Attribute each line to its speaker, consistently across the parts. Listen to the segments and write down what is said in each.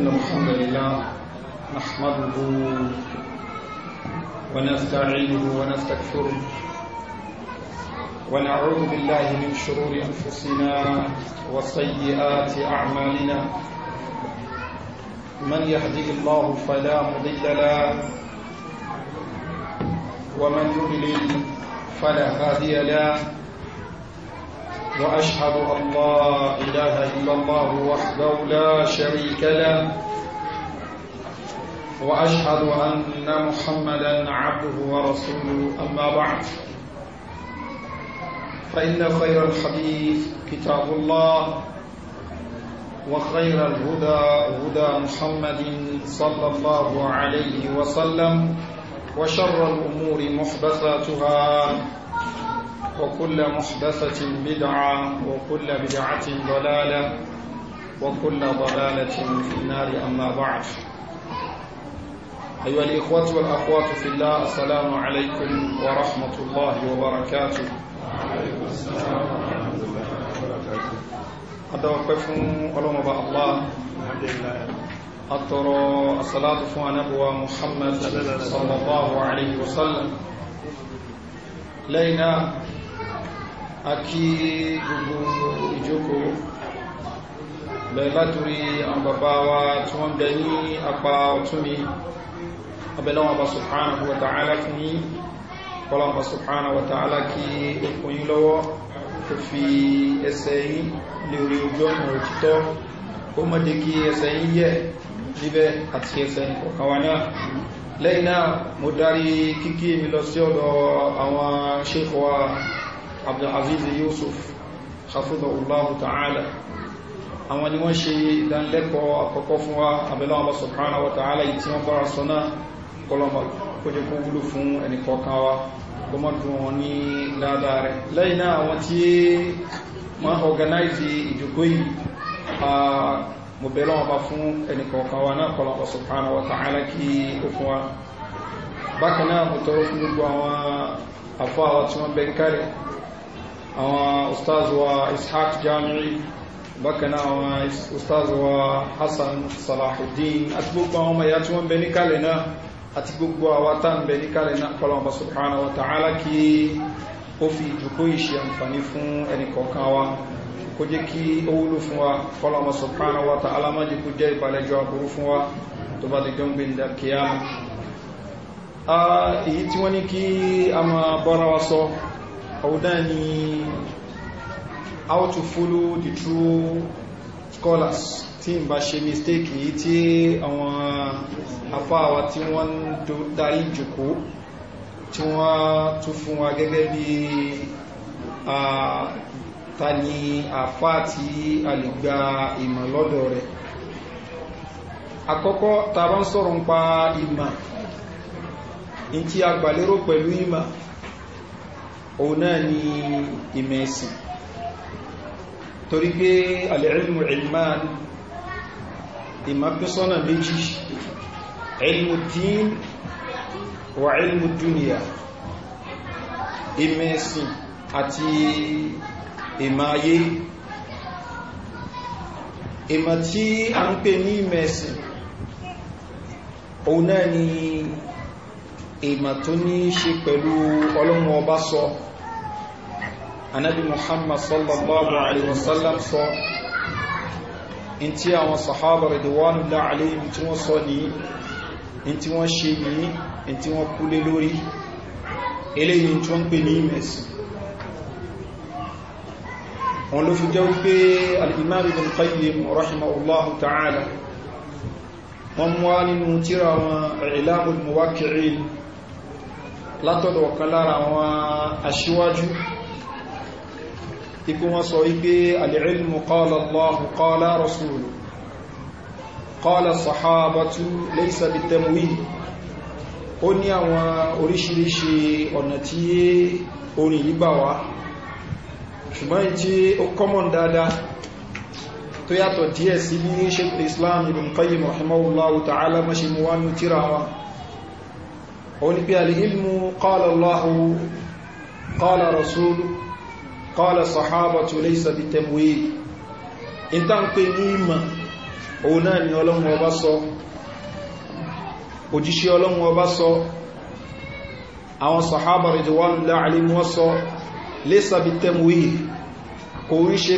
Speaker 1: إن الحمد لله نحمده ونستعينه ونستكفره ونعوذ بالله من شرور أنفسنا وسيئات أعمالنا من يهدي الله فلا مضل له ومن يضلل فلا هادي له واشهد ان لا اله الا الله وحده لا شريك له واشهد ان محمدا عبده ورسوله اما بعد فان خير الحديث كتاب الله وخير الهدى هدى محمد صلى الله عليه وسلم وشر الامور محدثاتها وكل محدثة بدعة وكل بدعة ضلالة وكل ضلالة في النار أما بعد أيها الإخوة والأخوات في الله السلام عليكم ورحمة الله وبركاته السلام علم الله أطر الصلاة فوانبوى محمد صلى الله عليه وسلم لينا akí gbogbo ìjókòó bẹ̀rẹ̀ látorí àwọn bàbá wa tí wọ́n bẹ ní apá ọ̀tún mi abẹ́lọ́wọ́n bá subhanahu wa ta'ala fún yí kọlọ́wọ́n bá subhanahu wa ta'ala kí okùn yí lọ́wọ́ kò fi ẹsẹ̀ yí lè orí ojú ọ̀nà òtítọ́ ó mọ́dé kí ẹsẹ̀ yí yẹ níbẹ̀ àti ẹsẹ̀ ọ̀kan lẹ́yìn náà mo darí kíkí mi lọ sí ọ̀dọ̀ àwọn ṣékọ̀ọ́ عبد العزيز يوسف حفظه الله تعالى àwọn ni wọ́n ṣe ìdánilẹ́kọ̀ọ́ àkọ́kọ́ fún wa àbẹ̀lọ́wọ́ subhanahu wa ta'ala yìí tí wọ́n bára sọ náà kọlọmọ̀ kó jẹ́ kó wúlò fún wa kó mọ́ dùn wọn ní dáadáa rẹ̀ lẹ́yìn náà ma organize ìjòkó yìí mo bẹ̀rẹ̀ wọn bá fún ẹnìkọ̀ọ̀kan wa náà kọlọmọ̀ subhanahu wa ta'ala kí ó fún wa bákan mo tọrọ fún gbogbo àwọn àfọ àwọn tí wọ́n bẹ̀ ń àwọn ustaz wa ishaq jami'i bákan náà àwọn ustaz wa hassan salahuddin àti gbogbo àwọn ọmọ ìyá tí wọ́n bẹ ní kalẹ̀ náà àti gbogbo àwa tá ń bẹ ní kalẹ̀ náà kọlọ̀wọ̀n bá subhanahu wa ta'ala kí ó fi ìjùkó ìṣẹ́ àǹfàní fún ẹnì kọ̀ọ̀kan wa kó jẹ́ kí ó wúlò fún wa kọlọ̀wọ̀n bá subhanahu wa ta'ala má jẹ́ kó jẹ́ ìbàlẹ́jọ́ aburú fún wa tó bá ti dán gbẹ̀ndà kíyàmù èyí tí wọ́n ní kí a máa bọ́ra wa sọ òun náà how to follow the true scholars tí n bá ṣe mistake yìí tí àwọn afáwa tí wọ́n darí jùkú tí wọ́n tún fún wa gẹ́gẹ́ bí Tani, ni àfá tí a lè gba ìmọ̀ lọ́dọ̀ rẹ̀ àkọ́kọ́ ta bá ń pa ìmọ̀ in tí a gbàlérò pẹ̀lú ìmọ̀ òun náà ni ìmẹ̀ ẹ̀sìn torí pé alẹ́rìnmù ilman ìmọ̀pínsọ́nà méjì ilmù dín wà ilmù dúnìyà ìmẹ̀ ẹ̀sìn àti ìmáyé ìmọ̀ tí a ń pè ní ìmẹ̀ òun náà ni ìmọ̀ tó ní ṣe pẹ̀lú ọlọ́run ọba sọ so anábì muhammad sallallahu alaihi wasallam sọ in tí àwọn sahaba rẹ̀dẹ̀wọ́nù láàrín tí wọ́n sọ ní in tí wọ́n ṣe ní in tí wọ́n kúlé lórí eléyìn tí wọ́n pè ní ìmẹ̀sì wọn ló fi jẹ́ wípé al'imam ibn qayyim rahimahullahu ta'ala wọn mú wá nínú tíra wọn ilamul muwakirin kan lára wọn aṣíwájú ikú wọn sọ wípé alìrìlmù qala Allahu qala rasulu qala sahabatu laysa bitamwin ó ní àwọn oríṣiríṣi ọ̀nà tí orin yìí gbà wá ṣùgbọ́n tí ó kọ́mọ̀n dáadáa tó yàtọ̀ díẹ̀ sí bí Shaykh قال رسول kọ́lá sọ̀hábà tó lè sàbí tẹ̀mùwé ìta ń pè ní ìmọ̀ òun náà ni ọlọ́run ọba sọ òjíṣẹ́ ọlọ́run ọba sọ àwọn sọ̀hábà rìdíwánulá àlímọ́ sọ lè sàbí tẹ̀mùwé kò ń ṣe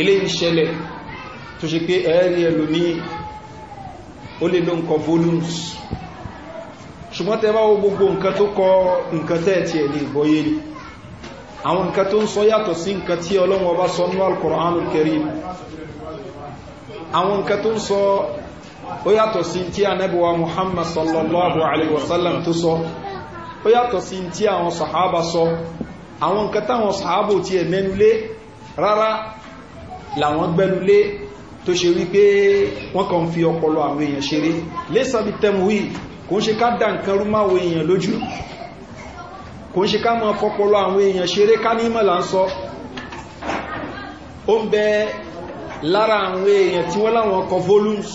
Speaker 1: ilé ìṣẹ̀lẹ̀ tó ṣe pé ẹ̀ẹ́rì ẹlòmíì ó lè ló ń kọ volumes ṣùgbọ́n tẹ bá wo gbogbo nǹkan tó kọ nǹkan tẹ́ẹ̀tì ẹ̀ lè gbọ́yé ni àwọn nǹkan tó ń sọ yàtọ̀ sí nǹkan tí ọlọ́run ọba sọ ní alkùránù kẹrin àwọn nǹkan tó ń sọ ó yàtọ̀ sí tí anẹ́bùwa muhammad sallallahu alaihi wasallam tó sọ ó yàtọ̀ sí tí àwọn sàhábà sọ àwọn nǹkan táwọn sàhábà ti tó ṣe wípé wọ́n kàn fi ọpọlọ àwọn èèyàn ṣeré lẹ́sàbí tẹ́mùwí kò ń ṣe ká dá nǹkan rú máwọ èèyàn lójú kò ń ṣe ká mọ́ fọpọlọ àwọn èèyàn ṣeré ká ní mọ́lá ń sọ ó ń bẹ lára àwọn èèyàn tí wọ́n láwọn ọkọ̀ volumes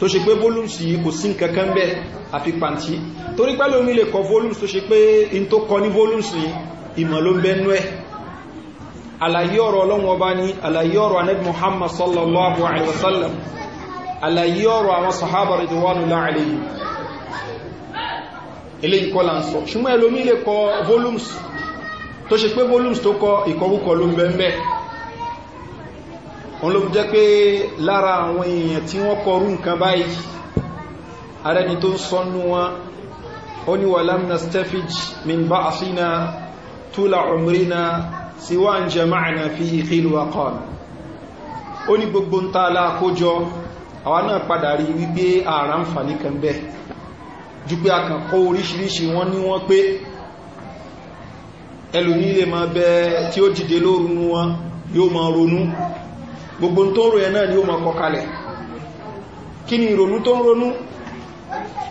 Speaker 1: tó ṣe pé volumes yìí kò sí nǹkankan bẹ́ àfi pàntí torí pẹ́lú omi lè kọ volumes tó ṣe pé in tó kọ ní volumes yìí ìmọ̀ ló ń bẹ́nú ẹ̀ àlàyé ọ̀rọ̀ ọlọ́wọ́ bá ní àlàyé ọ̀rọ̀ anẹ́bì muhammad sallallahu alaihi wasallam àlàyé ọ̀rọ̀ àwọn sahaba rituwanu láàrin ilé ìkọ́ là ń sọ ṣùgbọ́n ẹlòmí lè kọ volumes tó ṣe pé volumes tó kọ ìkọwúkọ ló ń bẹ́ mẹ́ wọn ló jẹ́ pé lára àwọn èèyàn tí wọ́n kọrú nǹkan báyìí arẹni tó ń sọnú wọn ó ní wà lámìnà steffage min bá àfínà túlà ọmọrìnà سواء جمعنا فيه قيل وقال ó ní gbogbo ń ta aláàkójọ àwọn náà padà rí wípé ààrà ń fà ní kan bẹ́ jù pé àkànkọ́ oríṣiríṣi wọ́n ní wọ́n pé ẹlòmí lè máa bẹ tí ó jìde lórunú wọn yóò máa ronú gbogbo tó rò ẹ náà ni ó máa kọkalẹ̀ kí ni ìrònú tó ń ronú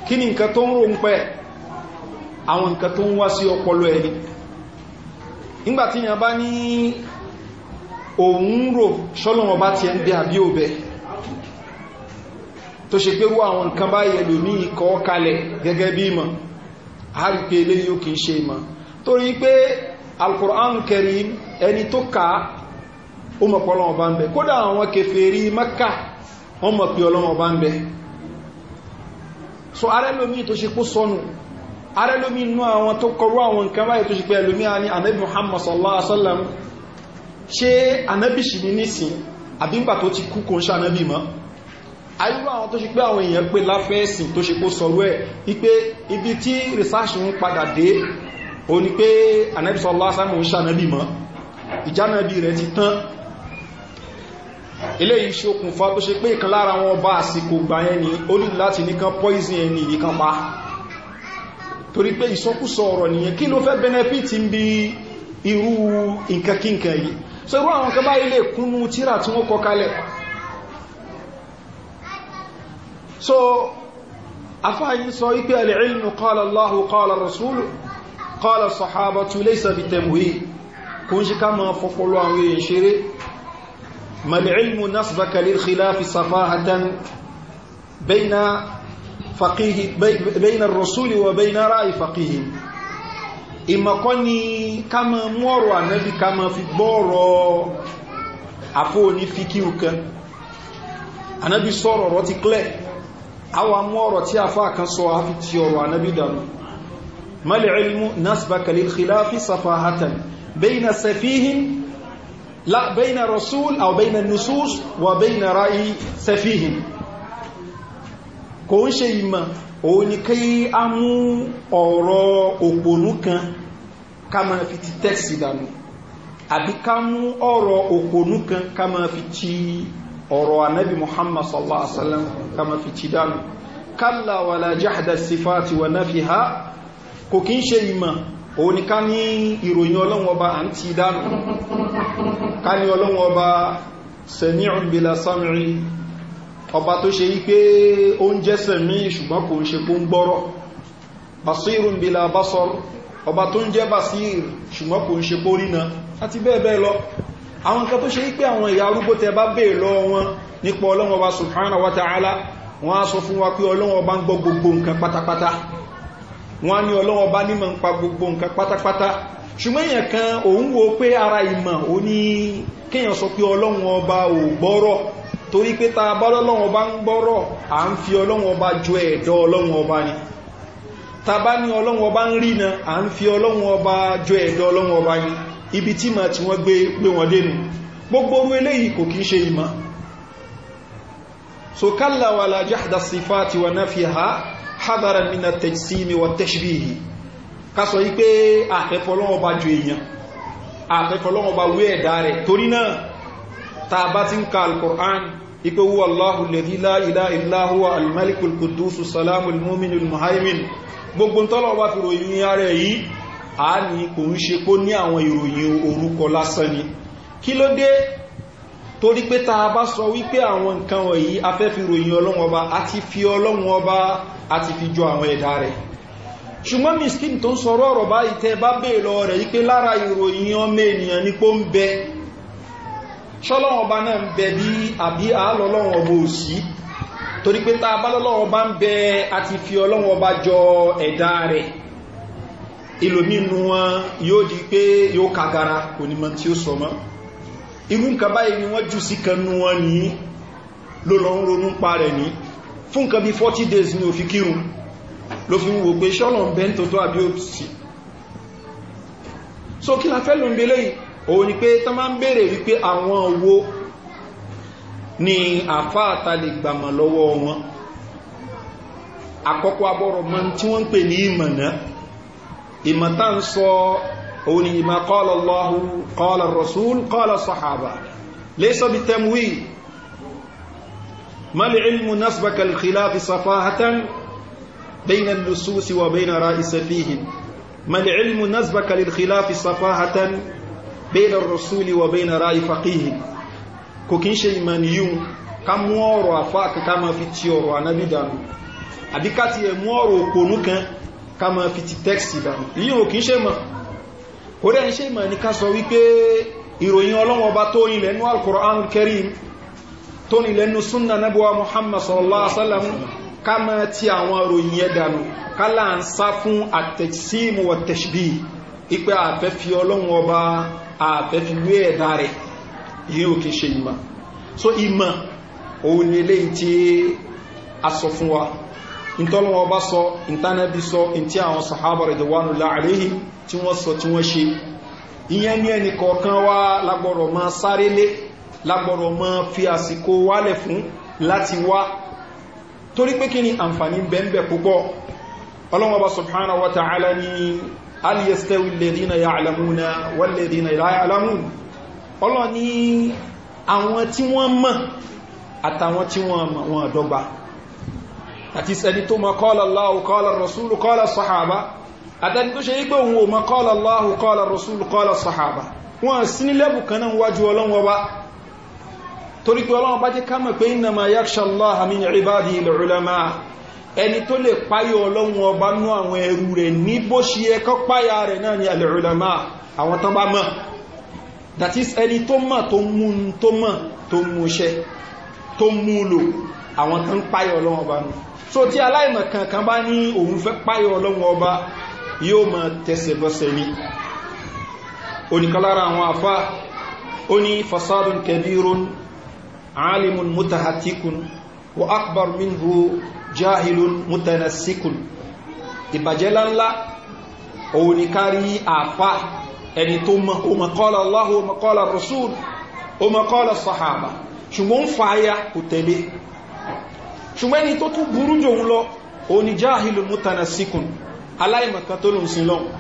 Speaker 1: kí ni nǹkan tó ń rò ń pẹ́ àwọn nǹkan tó ń wá sí ọpọlọ ẹni nígbàtí yàn bá ní òun rò ṣọ́lọ́wọ́n bá ti ẹ̀ ń bẹ àbí òbẹ̀ tó ṣe pé wọ́n àwọn nǹkan bá yẹ̀ lómi ikọ̀ kalẹ̀ gẹ́gẹ́ bí ìmọ̀ a rí pé ilé yóò kìí ṣe ìmọ̀ torí pé alkùrán ẹni tó ká ara lómi inú àwọn tó kọrú àwọn nǹkan báyìí tó ṣe pé ẹlòmí a ní anabi muhammad sallallahu alaihi wasallam ṣe anabi ṣì ní nísìn àbígbà tó ti kú kò ń ṣe anabi mọ́ ayúrú àwọn tó ṣe pé àwọn èèyàn pé láfẹ́ẹ̀sìn tó ṣe kó sọ̀rọ̀ ẹ̀ wípé ibi tí research ń padà dé o ní pé anabi sallallahu alaihi mọ́ ìjánabi rẹ̀ ti tán torí pé ìsọkúsọ ọ̀rọ̀ nìyẹn kí ló fẹ́ benefit ń bí irú nkankinkan yìí so irú àwọn kan báyìí kúnnú tíra tí wọ́n kọ so afáyí sọ ipé al'ilmu qala Allahu qala rasulu qala sahabatu laysa bitamhi kún ṣe ká ma fọ́pọ̀lọ àwọn èèyàn ṣeré mal'ilmu nasbaka lil فقيه بين الرسول وبين رأي فقيه إما كوني كما مورو النبي كما في بورو أفوني في كيوك النبي صورو روتي كلي أو مورو تي أفا كان صورو في تيورو النبي دم ما العلم نسبك للخلاف صفاهة بين سفيه لا بين الرسول أو بين النصوص وبين رأي سفيه kò ń ṣe ìmọ̀ òun ni kí a mú ọ̀rọ̀ òpònú kan ká máa fi ti tẹ́ẹ̀sì dànù àbí ká mú ọ̀rọ̀ òpònú kan ká máa fi ti ọ̀rọ̀ anábì muhammad sallallahu alaihi wasallam ká máa fi ti dànù kalla wala jahda sifati wa nafiha kò kí ń ṣe ìmọ̀ òun ni ká ní ìròyìn ọlọ́wọ́ ọba à ń ti dànù ká ní ọlọ́wọ́ ọba ọba tó ṣe wípé ó ń jẹ́sẹ̀ mí ṣùgbọ́n kò ń ṣe kó ń gbọ́rọ̀ basirun bila basor ọba tó ń jẹ́ basir ṣùgbọ́n kò ń ṣe kó rína àti bẹ́ẹ̀ bẹ́ẹ̀ lọ àwọn nǹkan tó ṣe wípé àwọn ìyá arúgbó tẹ bá bèè lọ wọn nípa ọlọ́wọ́ wa ta'ala wọ́n á sọ fún wa pé ọlọ́wọ́ bá ń gbọ́ gbogbo nǹkan pátápátá wọ́n á ní ọlọ́wọ́ bá nímọ̀ ń pa gbogbo nǹkan pátápátá ṣùgbọ́n ọba ò torí pé ta bá lọ́lọ́wọ́ bá ń gbọ́rọ̀ à ń fi ọlọ́wọ́ bá jọ ẹ̀dọ́ ọlọ́wọ́ bá ni ta bá ní ọlọ́wọ́ bá ń rí na à ń fi ọlọ́wọ́ bá jọ ẹ̀dọ́ ọlọ́wọ́ bá ni ibi tí ma tí wọ́n gbé gbé wọn dénú gbogbo eléyìí kò kí ṣe ìmá so kálà wà lájá àdásífà ti wà náà fi ha hadara nínà tẹ̀sími wà tẹ́ṣbíhì ká sọ yí pé àfẹ́fọ́lọ́wọ́ ta bá ti ń ka alkùnrin ipe huwa Allahu alladhi la ilaha illa huwa al-maliku al-quddus as-salamu al-mu'minu al-muhaymin gbogbo tọ́lọ̀ wá fi ròyìn ara yìí a ní kò ń ṣe kó ní àwọn ìròyìn orúkọ lásán ni kí ló dé torí pé ta bá sọ wípé àwọn nǹkan wọ̀nyí a fi ròyìn ọlọ́run ọba a fi ọlọ́run ṣọ́lọ́wọ́ ọba náà ń bẹ bí àbí àálọ́lọ́wọ́ ọba òsì torí pé ta bálọ́lọ́wọ́ ọba ń bẹ àti fi ọlọ́wọ́ ọba jọ ẹ̀dá rẹ̀ ìlòmínú wọn yóò di pé yóò kagara kò tí ó sọ mọ́ nǹkan báyìí ni wọ́n jù sí kanú wọn ní ló lọ days ni òfin kírun ló fi wò pé ṣọ́lọ̀ ń so kí la fẹ́ òun ni pé tán máa ń béèrè wípé àwọn owó ni àfá àtàlè gbàmọ̀ lọ́wọ́ wọn àkọ́kọ́ abọ́rọ̀ mọ́ tí wọ́n ń pè ní ìmọ̀ná ìmọ̀tá ń sọ òun ni ìmọ̀ kọ́lọ̀ lọ́hù kọ́lọ̀ rọ̀súl kọ́lọ̀ sọ̀hàbà lẹ́sọ̀ bí tẹ́mùí mọ́lẹ̀ ilmù nasbakal khilafi safahatan بين اللصوص وبين رئيس فيهم ما العلم نسبك للخلاف صفاهة bẹ́ẹ̀nà rọ̀súlì wà bẹ́ẹ̀nà ráyí fàkíhì kò kí ń ṣe ìmàniyún ká mú ọ̀rọ̀ àfá ká ma fi ti ọ̀rọ̀ anábì dànù àbí ká ti ẹ̀mú ọ̀rọ̀ òkònú kan ká ma fi ti tẹ́ksì dànù yíò kí ń ṣe mọ̀ kò dẹ̀ ń ṣe mọ̀ ní muhammad sallallahu alaihi wasallam ká ma ti àwọn ìròyìn yẹn dànù ká là ń sá fún àtẹ̀síìmù wà tẹ̀ṣbí ipe àfẹ́ fi ọlọ́wọ́ àfẹ́ fi wé ẹ̀dá rẹ̀ yí ò kí ṣe ìmọ̀ so ìmọ̀ òun ni ilé tí a sọ fún wa ìtọ́lọ́wọ́ bá sọ ìtánẹ́bí sọ ìtí àwọn sàhábà radiyallahu anhum tí wọ́n sọ tí wọ́n ṣe ìyẹn ní ẹni kọ̀ọ̀kan ni àǹfààní bẹ́ẹ̀ bẹ́ẹ̀ púpọ̀ ọlọ́wọ́ subhanahu wa ta'ala ni hal yastawi alladhina ya'lamuna walladhina la ya'lamun ọlọ́ ní àwọn tí wọ́n mọ̀ àtàwọn tí wọ́n mọ̀ wọn dọ́gba àti sẹni tó mọ̀ qala Allahu qala rasúlù qala sahaba àtàni tó ṣe igbó òun ò mọ̀ qala Allahu qala rasúlù qala sahaba wọ́n sí ní lẹ́bù kan náà wájú ọlọ́wọ́ bá torí ẹni tó lè páyọ ọlọ́run ọba nú àwọn ẹrù rẹ̀ ní bó ṣe ẹkọ́ páyà rẹ̀ náà ni alẹ́rùlámà àwọn tán bá mọ̀ that is ẹni tó mọ̀ tó mú tó mọ̀ tó mú ṣẹ tó mú lò àwọn tán páyọ ọlọ́run ọba nú so tí aláìmọ̀ kankan bá ní òun fẹ́ páyọ ọlọ́run ọba yóò mọ̀ tẹsẹ̀ bọ́sẹ̀ ni oníkalára àwọn afá ó ní fasadun kẹbírun alimun mutahatikun wa akbar minhu jahilun mutanassikun ìbàjẹ́ láńlá òun ni kárí àfá ẹni tó mọ̀ kọ́lọ̀ Allahu ó mọ̀ kọ́lọ̀ rasul ó mọ̀ kọ́lọ̀ sahaba ṣùgbọ́n fa aya kò tẹ̀lé ṣùgbọ́n ẹni tó tún burú jòun lọ òun ni jahilun mutanassikun aláìmọ̀kan tó lòun sin lọ́wọ́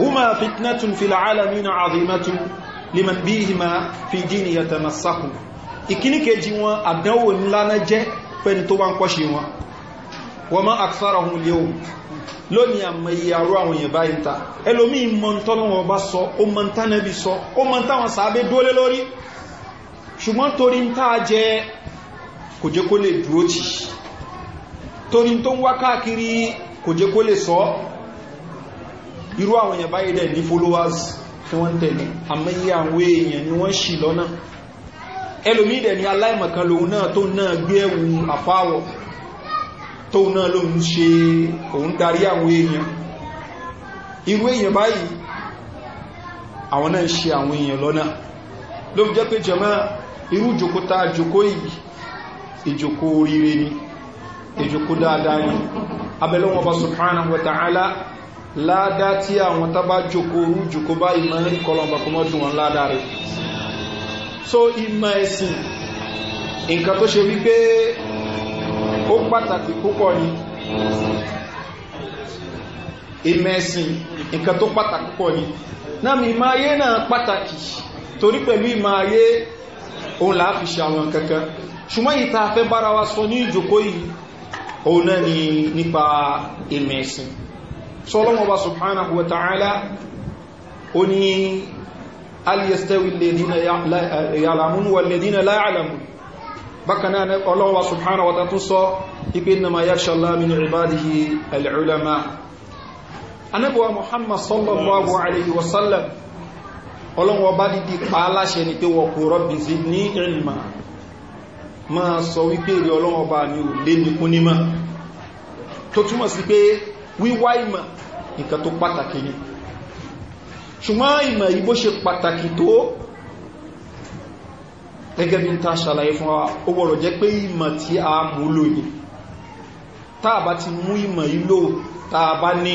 Speaker 1: هما فتنة في العالمين عظيمة لمن بيهما في دين يتمسكوا ìkíní kejì wọn àdánwò ńlá náà jẹ́ pẹ́ni tó wá ń kọ́ṣe wọn wọ́n má àkfàrà ohun lè ohun lónìí àmà iye àrú àwọn èèyàn báyìí ta ẹlòmí mọ́ntọ́lọ́wọ́ bá sọ ó mọ́ntánẹ́bí sọ ó mọ́ntáwọn sàábé dólé lórí ṣùgbọ́n torí ń tàà jẹ kò jẹ́ kó lè dúró tì torí tó ń wá káàkiri kò jẹ́ kó lè sọ irú àwọn èèyàn báyìí dẹ̀ ní followers tí wọ́n tẹ̀lé àmà iye àwọn èèyàn ni wọ́n ṣì lọ́nà ẹlòmídẹ̀ ni aláìmọ̀kan lòun náà tó náà gbé ẹwù àfáwọ̀ tó náà lòun ṣe òun darí àwọn èèyàn irú èèyàn báyìí àwọn náà ṣe àwọn èèyàn lọ́nà ló jẹ́ pé jẹmọ́ irú jòkóta jòkó ìjòkó oríire ni ìjòkó dáadáa ni abẹ́lọ́wọ́ bá subhanahu wa ta'ala ládá tí àwọn tábá jòkó orú jòkó báyìí mọ́ ní wọn ládá rẹ̀ so ìmọ̀ ẹ̀sìn nǹkan tó ṣe wípé ó pàtàkì púpọ̀ ni ìmọ̀ ẹ̀sìn nǹkan tó pàtàkì púpọ̀ ni náà mi máa yé náà pàtàkì torí pẹ̀lú ìmọ̀ ayé òun láà àwọn kankan ṣùgbọ́n ìta fẹ́ bára wa sọ ní ìjòkó yìí òun náà ni nípa ìmọ̀ ẹ̀sìn subhanahu wa ta'ala ó aliyastawi alladhina ya'lamun wal ladhina la ya'lamun bákan náà Ọlọ́run wa subhanahu wa ta'ala tún sọ ipe innama yakhsha Allah min ibadihi al-ulama anabuwa Muhammad sallallahu alaihi wasallam Ọlọ́run ọba dìdí pa aláṣẹ ni pé wọ́n kò rọ́bì sí ní ilma ma sọ wípé rí Ọlọ́run ọba ní ṣùgbọ́n ìmọ̀ yìí bó ṣe pàtàkì tó gẹ́gẹ́ bí n ta ṣàlàyé fún wa ó gbọ́rọ̀ jẹ́ pé ìmọ̀ tí a mú lò ní táà bá ti mú ìmọ̀ yìí lò táà bá ní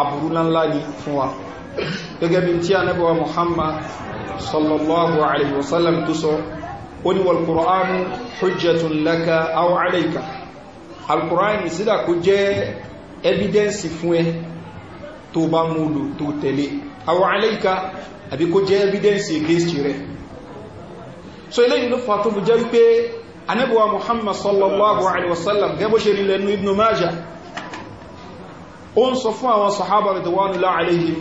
Speaker 1: àbúrú ńláńlá ní fún wa gẹ́gẹ́ bí tí a nẹ́bọ̀wà muhammad sallallahu tó bá múlò tó tẹ̀lé àwọn aláìka àbí kó jẹ́ evidence against rẹ̀ so ilé ìlú fa tó bú jẹ́ wípé anábíwa muhammad sallallahu alaihi wasallam gẹ́bó ṣe rílẹ̀ ní ibn majah ó ń sọ fún àwọn sahaba radwanullah alaihim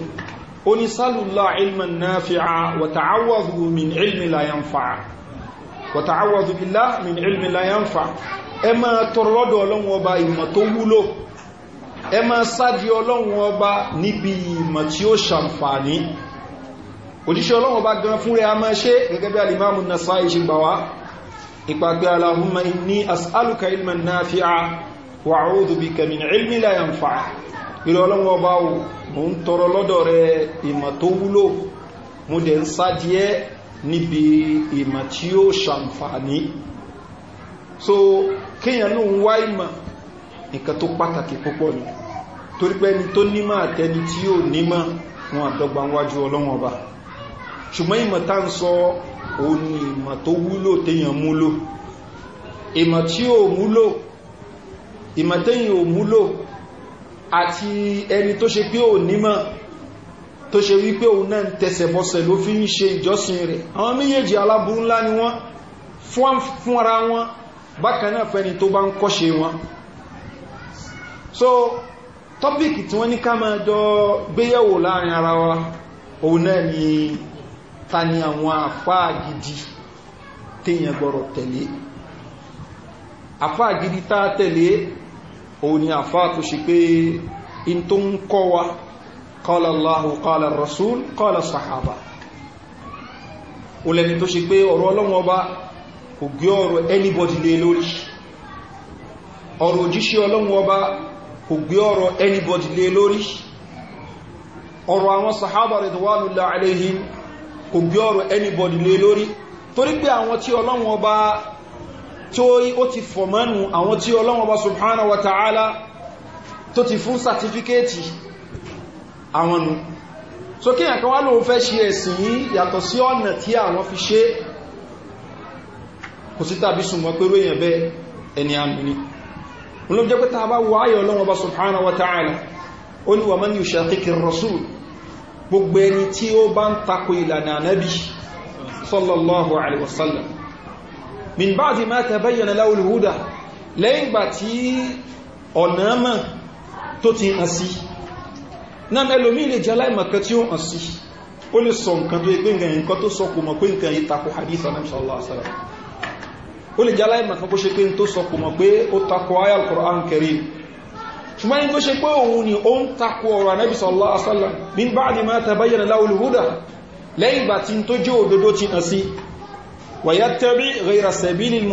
Speaker 1: ó ní sálùlá ilman náfi'a wa ta'awwadhu min ilmi la ẹ máa sáàdì ọlọ́run ọba níbi ìmọ̀ tí ó ṣàǹfàní òjíṣẹ́ ọlọ́run ọba gan fún rẹ̀ a máa ṣe gẹ́gẹ́ bí alìmáàmù nasa iṣẹ́ gbà wá ìpàgbé aláhùnmá ní as'aluka ilman náfíà wà áwọ́dù bí kẹmin ilmi láyàn fa ilẹ̀ ọlọ́run ọba o so kíyàn náà ń wá ìmọ̀ nǹkan tó pàtàkì púpọ̀ ni torí pé ẹni tó nímọ̀ àtẹni tí yóò nímọ̀ wọn àdọ́gba wájú ọlọ́wọ́n ọba ṣùgbọ́n ìmọ̀ tá ń sọ òun ni ìmọ̀ tó wúlò téèyàn múlò ìmọ̀ tí ò múlò ìmọ̀ téèyàn ò múlò àti ẹni tó ṣe pé ò nímọ̀ tó ṣe wípé òun náà ń tẹsẹ̀bọsẹ̀ ló fi ń ṣe ìjọsìn rẹ̀ àwọn méjèèjì aláburú ńlá ni wọ́n fún ara wọn bákan náà fẹ́ni tó bá ń kọ́ṣe wọn so topic tí wọ́n ní ká máa dọ́ gbéyẹ̀wò láàrin wa òun náà ni ta ni àwọn àfáà gidi téèyàn gbọ́rọ̀ tẹ̀lé àfáà gidi tá tẹ̀lé òun ni àfáà tó ṣe pé in tó ń kọ́ wa rasul sahaba olẹni tó ṣe pé ọ̀rọ̀ ọlọ́wọ́ bá kò gbé ọ̀rọ̀ anybody lé lórí ọ̀rọ̀ òjíṣẹ́ kò gbé ọ̀rọ̀ anybody lé lórí ọ̀rọ̀ àwọn sahaba ridwanullahi alaihim kò gbé ọ̀rọ̀ anybody lé lórí torí pé àwọn tí ọlọ́wọ́n ọba tí ó ti fọ̀mọ́nù àwọn tí ọlọ́wọ́n ọba subhanahu wa ta'ala tó ti fún sàtífíkéètì àwọn nù so kí ẹ̀kan wá lóun fẹ́ ṣe ẹ̀sìn yìí yàtọ̀ sí ọ̀nà tí àwọn fi ṣe kò sí tàbí sùnmọ́ pẹ̀lú èèyàn bẹ́ẹ̀ ẹni àmì ni olóòjẹ́ pé ta bá wáyé ọlọ́wọ́ bá subhanahu wa ta'ala ó ní wa man yushaqiqi rasul gbogbo ẹni tí ó bá ń takò ìlànà anábi sallallahu alaihi wasallam min ba'di ma tabayyana lahu al-huda lẹ́yìn gbà tí ọ̀nà mọ̀ tó ti hàn sí náà ẹlòmí lè jẹ́ sọ nǹkan tó ẹgbẹ́ nǹkan tó sọ kò mọ̀ pé nǹkan yìí hadith anam sallallahu alaihi ó lè jálá ìmọ̀ kan kó ṣe pé n tó sọ kò mọ̀ pé ó takọ ayé al-Qur'an Karim ṣùgbọ́n in tó ṣe pé òun ni ó ń takọ ọ̀rọ̀ anábì sallallahu alaihi wasallam min ba'di ma tabayyana lahul huda lẹ́yìn ìgbà tí n tó jẹ́ òdodo ti hàn sí wa yattabi ghayra sabilil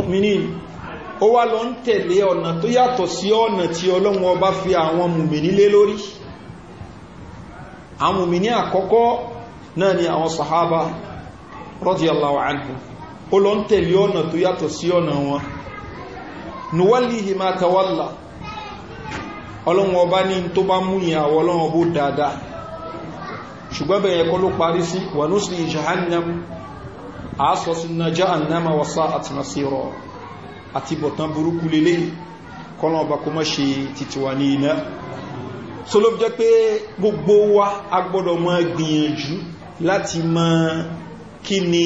Speaker 1: ó lọ ń tẹ̀lé ọ̀nà tó yàtọ̀ sí ọ̀nà wọn nuwallihi ma tawalla ọlọ́run ọba ní tó bá mú yìn àwọ ọlọ́run dáadáa ṣùgbọ́n bẹ̀rẹ̀ kọ́ ló parí sí wànúsí jahannam sí na jahannama gbogbo wa agbọ́dọ̀ mọ́ gbìyànjú láti mọ́ kí ni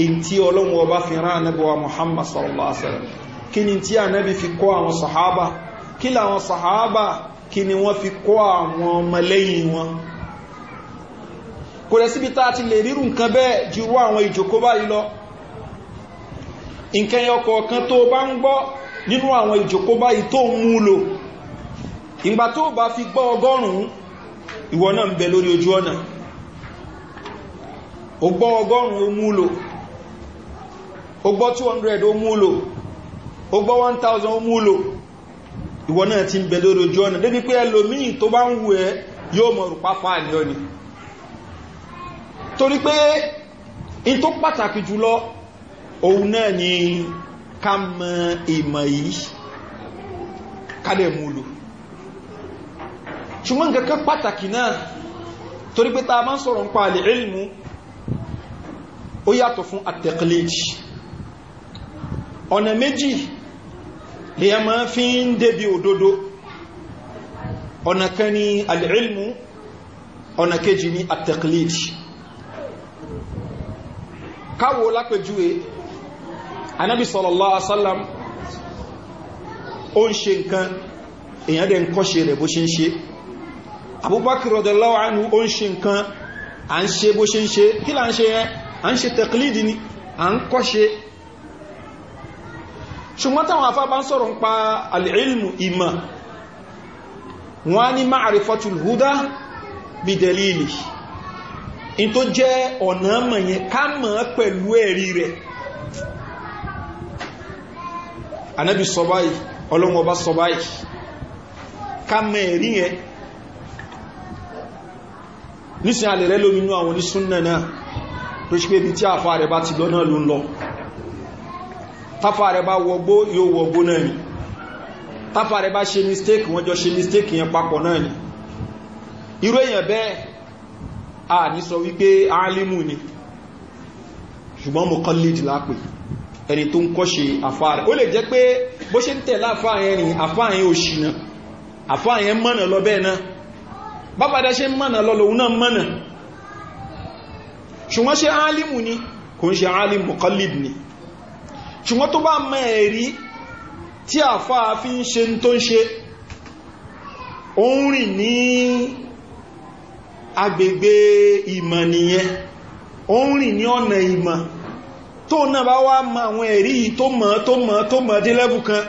Speaker 1: èyí tí ọlọ́run ọba fi rán anábíwa muhammad sallallahu alaihi wasallam kí ni tí fi kọ́ àwọn sahaba kí ni wọ́n fi kọ́ àwọn ọmọlẹ́yìn wọn kò rẹ̀ síbi ti lè rírù nǹkan bẹ́ẹ̀ ju àwọn ìjòkó báyìí lọ nǹkan tó bá ń gbọ́ nínú àwọn ìjòkó báyìí tó fi gbọ́ ọgọ́rùn-ún ìwọ náà ń bẹ lórí ojú ọ̀nà ó gbọ́ ọgọ́rùn ó gbọ́ 200 ó múlò ó gbọ́ 1000 ó múlò ìwọ náà ti ń bẹ lórí ojú ọ̀nà débi pé ẹlòmíì tó bá ń wù ẹ́ yóò mọ̀ rù pápá àníọ́ ni torí pé in tó pàtàkì jùlọ òun náà ni ká mọ ìmọ̀ yìí ká múlò ṣùgbọ́n nǹkan pàtàkì náà torí pé ta máa ń sọ̀rọ̀ ń pa àlè ilmu ó yàtọ̀ fún àtẹ̀kìlẹ́jì ọ̀nà méjì ni a máa fi ń débi òdodo ọ̀nà kan ni al'ilmu ọ̀nà kejì ni at-taqlid káwo lápẹjúwe anábi sallallahu alaihi wasallam ó ń ṣe nǹkan èyàn dẹ̀ ń kọ́ṣe rẹ̀ bó ṣe ń ṣe abubakar radallahu anhu ń ṣe nǹkan à ń ṣe bó ṣe ń ṣe kí là ń ṣe yẹn à ń ṣe taqlid ni à ń kọ́ṣe ṣùgbọ́n táwọn afá bá ń sọ̀rọ̀ ń pa al'ilmu ìmọ̀ wọ́n ní ma'arifatul huda bí dalili in tó jẹ́ ọ̀nà mọ̀yẹn ká mọ̀ pẹ̀lú ẹ̀rí rẹ̀ anábi sọ̀báyì ọlọ́run ọba sọ̀báyì ká mọ̀ ẹ̀rí yẹn nísìn alẹ̀rẹ́ lóminú àwọn onísúnnà náà tó ṣe táfà rẹ̀ bá wọgbó yóò wọgbó náà ni táfà rẹ̀ bá ṣe mistake wọ́n jọ ṣe mistake yẹn papọ̀ náà ni irú èyàn bẹ́ẹ̀ a ní sọ wípé alimu ni ṣùgbọ́n mo kọ́lìdì lápè ẹni tó ń kọ́ṣe àfá rẹ̀ ó lè jẹ́ pé bó ṣe ń tẹ̀lá àfá yẹn rìn àfá yẹn òṣìnà àfá yẹn mọ́nà lọ bẹ́ẹ̀ náà bábádá ṣe mọ́nà lọ lòun náà mọ́nà ṣùgbọ́n ṣe alimu ni kò ń ṣe alimu kọ́lìdì ni ṣùgbọ́n tó bá mọ ẹ̀rí tí àfáà fi ń ṣe tó ń ṣe ó ń rìn ní agbègbè ìmọ̀ nìyẹn ó ń rìn ní ọ̀nà ìmọ̀ tó náà bá wá mọ àwọn ẹ̀rí tó mọ̀ tó mọ̀ tó mọ̀ dé lẹ́bù kan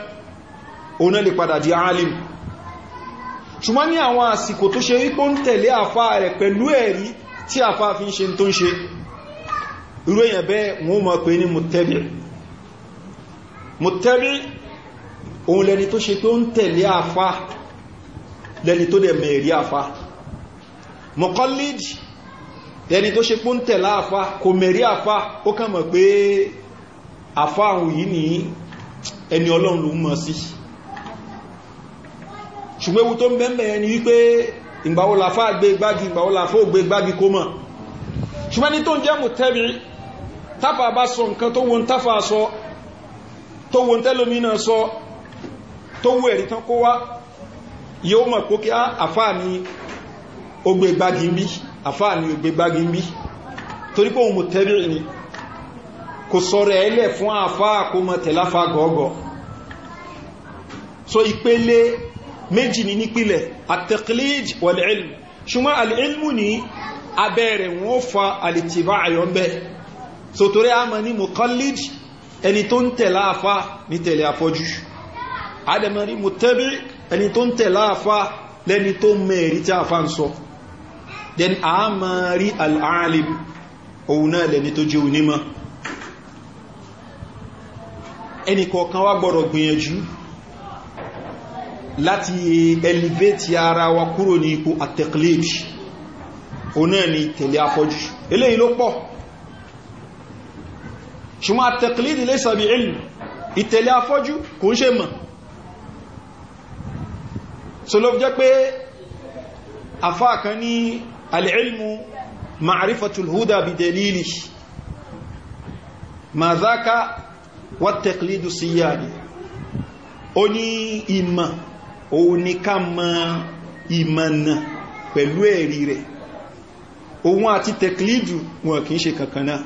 Speaker 1: òun náà lè padà di alim ṣùgbọ́n ní àwọn àsìkò tó ṣe wípó ń tẹ̀lé àfáà rẹ̀ pẹ̀lú ẹ̀rí tí àfáà fi ń ṣe tó ń ṣe irú èyàn bẹ́ẹ̀ wọ́n mọ̀ pé ní mùtẹ́bìrì mùtẹ́bí òun lẹni tó ṣe pé ó ń tẹ̀lé àfá lẹni tó dẹ̀ mẹ̀rí àfá mọ̀kọ́lídì lẹni tó ṣe pé ó ń tẹ̀lá àfá kò mẹ̀rí àfá ó kàn mọ̀ pé àfá àwọn yìí ní ẹni ọlọ́run ló mọ̀ sí ṣùgbọ́n ewu tó ń bẹ́m̀bẹ̀ ẹni wípé ìgbàwó làfá gbé gbági ìgbàwó làfó gbé gbági kó mọ̀ ṣùgbọ́n ní tó ń jẹ́ mùtẹ́bí táfà bá sọ nǹkan tó wọn táfà sọ tó wo tẹ́lómi náà sọ tó wo ẹ̀rí tán kó wá yóò mọ̀ pó kí àfáà ní ogbe gbági ń bí àfáà ní ogbe gbági ń bí torí pé òun mọ̀ tẹ́bìrì ni kò sọ̀rọ̀ ẹlẹ̀ fún àfáà kó mọ̀ tẹ̀láfà gọ́ọ̀gọ́ so ìpele méjì ní nípìlẹ̀ at-taqlid wal-ilm ṣùgbọ́n al-ilmu ní abẹ́rẹ̀ wọ́n fa al-ittiba' àyọ́mbẹ́ so torí a mọ̀ ní muqallid ẹni tó ń tẹ̀lá àfá ní tẹ̀lé àfọ́jú adẹ̀mọ̀rí mú tẹ́bí ẹni tó ń tẹ̀lá àfá lẹ́ni tó mẹ́rí tí àfá ń sọ then a máa rí al'alim òun náà lẹ́ni tó jẹ́ onímọ̀ ẹni kọ̀ọ̀kan wá gbọ́rọ̀ gbìyànjú láti elevate ara wa kúrò ní ipò àtẹ̀klẹ́bì òun náà ni tẹ̀lé àfọ́jú eléyìí ló pọ̀ ṣùgbọ́n àtẹ̀kìlìdì lè sàbí ilm ìtẹ̀lẹ̀ afọ́jú kò ń ṣe mọ̀ so ló jẹ́ pé afáàkan ní al'ilmu ma'arifatul huda bi dalili ma zaka wa tẹ̀kìlìdì sí yàdì ó ní ìmọ̀ òun ni ká mọ ìmọ̀nà pẹ̀lú ẹ̀rí rẹ̀ òun àti tẹ̀kìlìdì wọn kìí ṣe kankanáà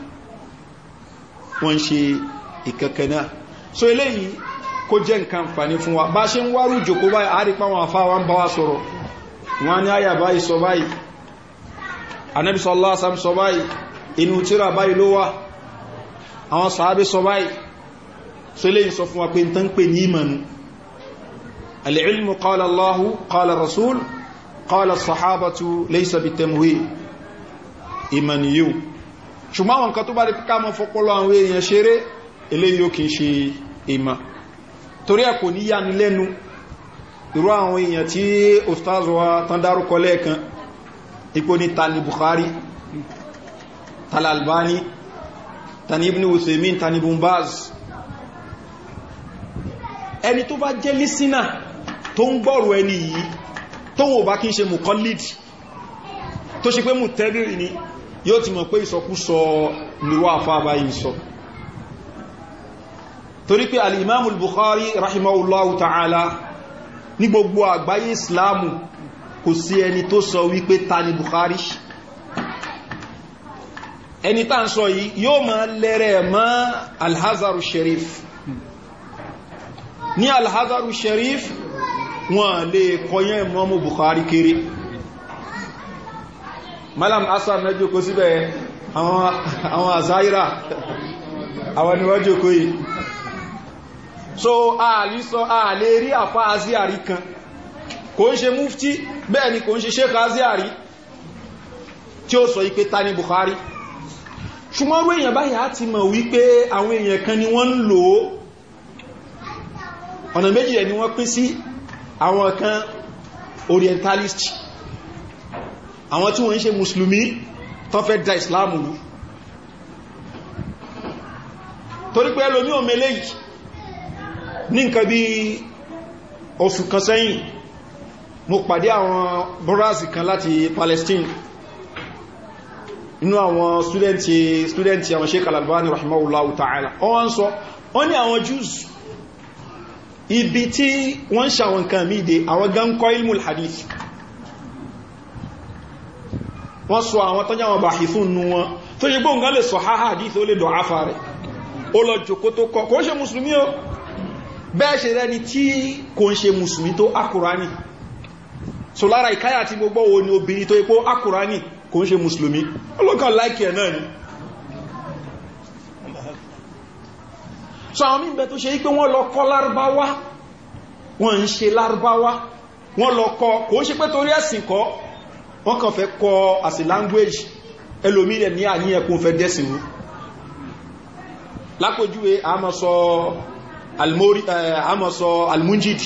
Speaker 1: wọ́n ń ṣe ìkankan náà so eléyìí kó jẹ́ nǹkan fàní fún wa bá ṣe ń wárú jòkó báyìí àrípa wọn àfá wa ń bá wa sọ̀rọ̀ wọn ni àyà báyìí sọ báyìí anábì sọ sọ báyìí inú tíra báyìí ló wà àwọn sàábé sọ báyìí so eléyìí sọ fún wa pé ṣùgbọ́n àwọn nǹkan tó bá rí píká mọ́ fọ́pọ́lọ́ àwọn èèyàn ṣeré eléyìí ó kìí ṣe ìmọ̀ torí ẹ̀ kò ní yáni lẹ́nu irú àwọn èèyàn tí ostazowa tán dárúkọ lẹ́ẹ̀kan ipò ní tani buhari tani albani tani ibn uthaymin tani bumbaz ẹni tó bá jẹ́ lísínà tó ń gbọ́rọ̀ ẹni yìí tó wò bá kí ń ṣe mùkọ́lìdì tó ṣe pé mùtẹ́bìrì ni yóò ti mọ̀ pé ìsọkúsọ níwá àfáàbá yìí sọ torí pé al'imamul bukhari rahimahullahu ta'ala ní gbogbo àgbáyé islamu kò sí ẹni tó sọ wípé ta ni bukhari ẹni tá ń sọ yìí yóò ma lẹ́rẹ̀ mọ́ alhazaru sharif ní alhazaru sharif wọn lè kọyẹ́ mọ́mú bukhari kéré malam asar náà jókòó síbẹ̀ àwọn àzáírà àwọn ni wọ́n yìí so ààlì sọ ààlè rí àfá azíàrí kan kò ń ṣe mufti bẹ́ẹ̀ ni kò ń ṣe sheik azíàrí tí ó sọ ipé tani Bukhari ṣùgbọ́n rú èèyàn báyìí á ti mọ̀ wípé àwọn èèyàn kan ni wọ́n ń lò ó ọ̀nà méjì ẹ̀ ni wọ́n pín sí àwọn kan orientalist àwọn tí wọ́n ń ṣe musulmi tán fẹ́ da islam rú torí pé ẹlòmí o mele yìí ní nǹkan bí oṣù kan sẹ́yìn mo pàdé àwọn bọ́rásì kan láti palestine inú àwọn studenti studenti àwọn sheik al-albani rahimahullahu ta'ala wọ́n sọ wọ́n ní àwọn jews ibi tí wọ́n ṣàwọn nǹkan míde àwọn gan ilmul hadith wọ́n sọ àwọn tọ́jà wọn bàhì fún nu wọn tó yẹ gbóǹgá lè sọ ha hadith ó lè dọ̀ afa rẹ̀ ó lọ jòkó tó kọ kò ń ṣe mùsùlùmí o bẹ́ẹ̀ ṣe rẹni tí kò ń ṣe mùsùlùmí tó akùránì so lára ìkáyà tí gbogbo wo ni obìnrin tó ipò akùránì kò ń ṣe mùsùlùmí ọlọ́kàn láìkì ẹ̀ náà ni so àwọn mímbẹ̀ tó ṣe wípé wọ́n lọ kọ́ lárúbáwá wọ́n ń ṣe lárúbáwá wọ́n lọ kọ́ kò ń ṣe pé torí ẹ̀sìn kọ́ wọ́n kàn fẹ́ kọ́ as a language ẹlòmílẹ̀ ní àníyàn kó fẹ́ dẹ́sìn rú lápòjúwe àmọ́sọ almori àmọ́sọ eh, almunjid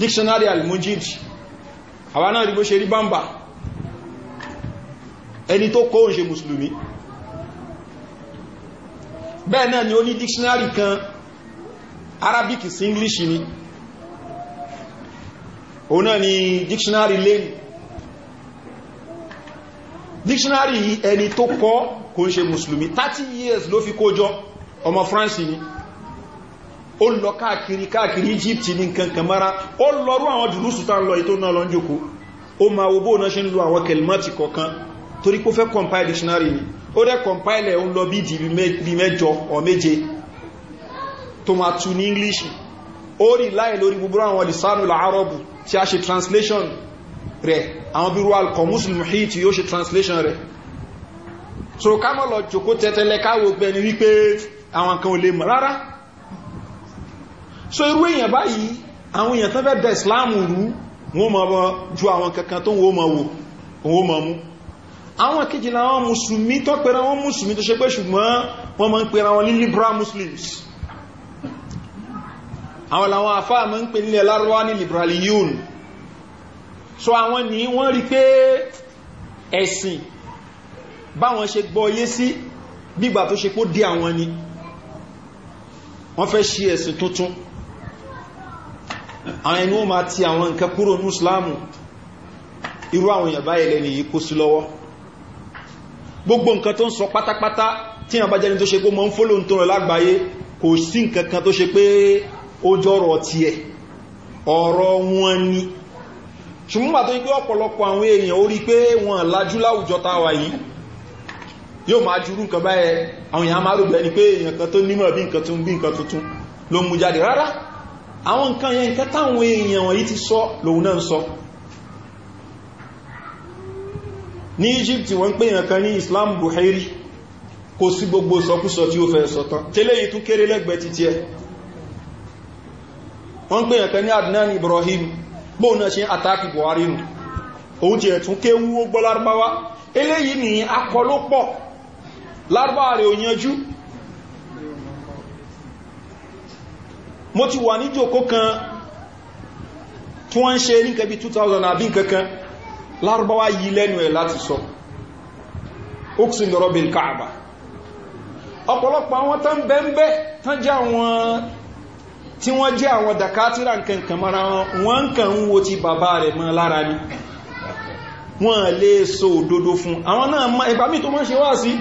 Speaker 1: dictionary almunjid àwa náà rí bó ṣe rí bámbà ẹni tó kọ́ òun ṣe mùsùlùmí bẹ́ẹ̀ náà ni ó ní dictionary kan arabic sí english ni òun náà ni dictionary lane dictionary ẹni tó kọ́ kò ń ṣe musulmi 30 years ló fi kójọ ọmọ france ni ó lọ káàkiri káàkiri egypt ní kankan mara ó lọrú àwọn jùlúsù tán lọ ètò náà lọ ń jòkó ó ma wo bóò náà ṣe ń lo àwọn kẹlmọ́tì kọ̀kan torí pó fẹ́ compile dictionary ni ó dẹ́ compile ẹ̀ ń lọ bí ìdí bí mẹ́jọ ọ méje tó ma tu ní english ó rí láì lórí gbogbo àwọn lisanu làárọ̀bù tí a ṣe translation rẹ̀ àwọn bí ruwal kọmúsùn muhit yóò ṣe translation rẹ̀ so ká mọ́ lọ jòkó tẹ́tẹ́lẹ́ káwò gbẹni wípé àwọn kan ò lè mọ̀ rárá so irú èèyàn báyìí àwọn èèyàn tán fẹ́ dẹ̀ islam rú wọ́n mọ̀ bọ́ ju àwọn kankan tó wọ́n mọ̀ wò wọ́n mọ̀ mú àwọn kejì láwọn musulmi tó pẹ̀rẹ̀ wọn musulmi tó ṣe pé ṣùgbọ́n wọ́n mọ̀ ń pẹ̀rẹ̀ wọn ní liberal muslims àwọn làwọn àfáà mọ̀ ń pè nílẹ̀ ní liberal union so àwọn ní wọ́n rí pé ẹ̀sìn báwọn ṣe gbọ́yé sí gbígbà tó ṣe kó dé àwọn ni wọ́n fẹ́ ṣe ẹ̀sìn tuntun àwọn ẹni wọ́n máa ti àwọn nǹkan kúrò ní islamu irú àwọn èèyàn báyìí lẹ́ni yìí kó sí lọ́wọ́ gbogbo nǹkan tó ń sọ pátápátá tí àwọn bájẹ́ni tó ṣe pé mọ́ ń fólò ń tọrọ lágbàáyé kò sí nǹkan kan tó ṣe pé ó jọrọ̀ tiẹ̀ ọ̀rọ̀ wọn ni ṣùgbọ́n pàtó ipé ọ̀pọ̀lọpọ̀ àwọn èèyàn orí pé wọn lájú láwùjọ táwà yìí yóò máa jùrú nǹkan báyẹ àwọn èèyàn máa rògbẹ́ ni pé èèyàn kan tó nímọ̀ bí nǹkan tó ń bí nǹkan tuntun ló mú jáde rárá àwọn nǹkan yẹn nǹkan ti sọ lòun náà sọ ní egypt wọ́n pè èèyàn kan ní islam buhari kò sí gbogbo sọkúsọ tí ó fẹ́ sọ tán tẹ́lẹ̀ yìí tún kéré lẹ́gbẹ̀ẹ́ wọ́n èèyàn kan ní ibrahim bóun náà ṣe àtàkì buhari nù òun ti ẹ̀tún kéwú ó gbọ́ lárúbáwá eléyìí ní akọlópọ̀ lárúbáwá rẹ̀ ò yanjú mo ti wà ní jòkó kan tí wọ́n ń ṣe ní kẹbi 2000 àbí nkankan lárúbáwá yí lẹ́nu ẹ̀ láti sọ oxygen robin kaaba ọ̀pọ̀lọpọ̀ àwọn tán bẹ́ẹ̀ tán jẹ́ àwọn tí wọ́n jẹ́ àwọn dàkátírà nkankan mara wọn kàn ń wo ti bàbá rẹ̀ mọ́ lára ní wọ́n lè so òdodo fún àwọn náà ma ẹgbà mí tó mọ́ ṣe wá sí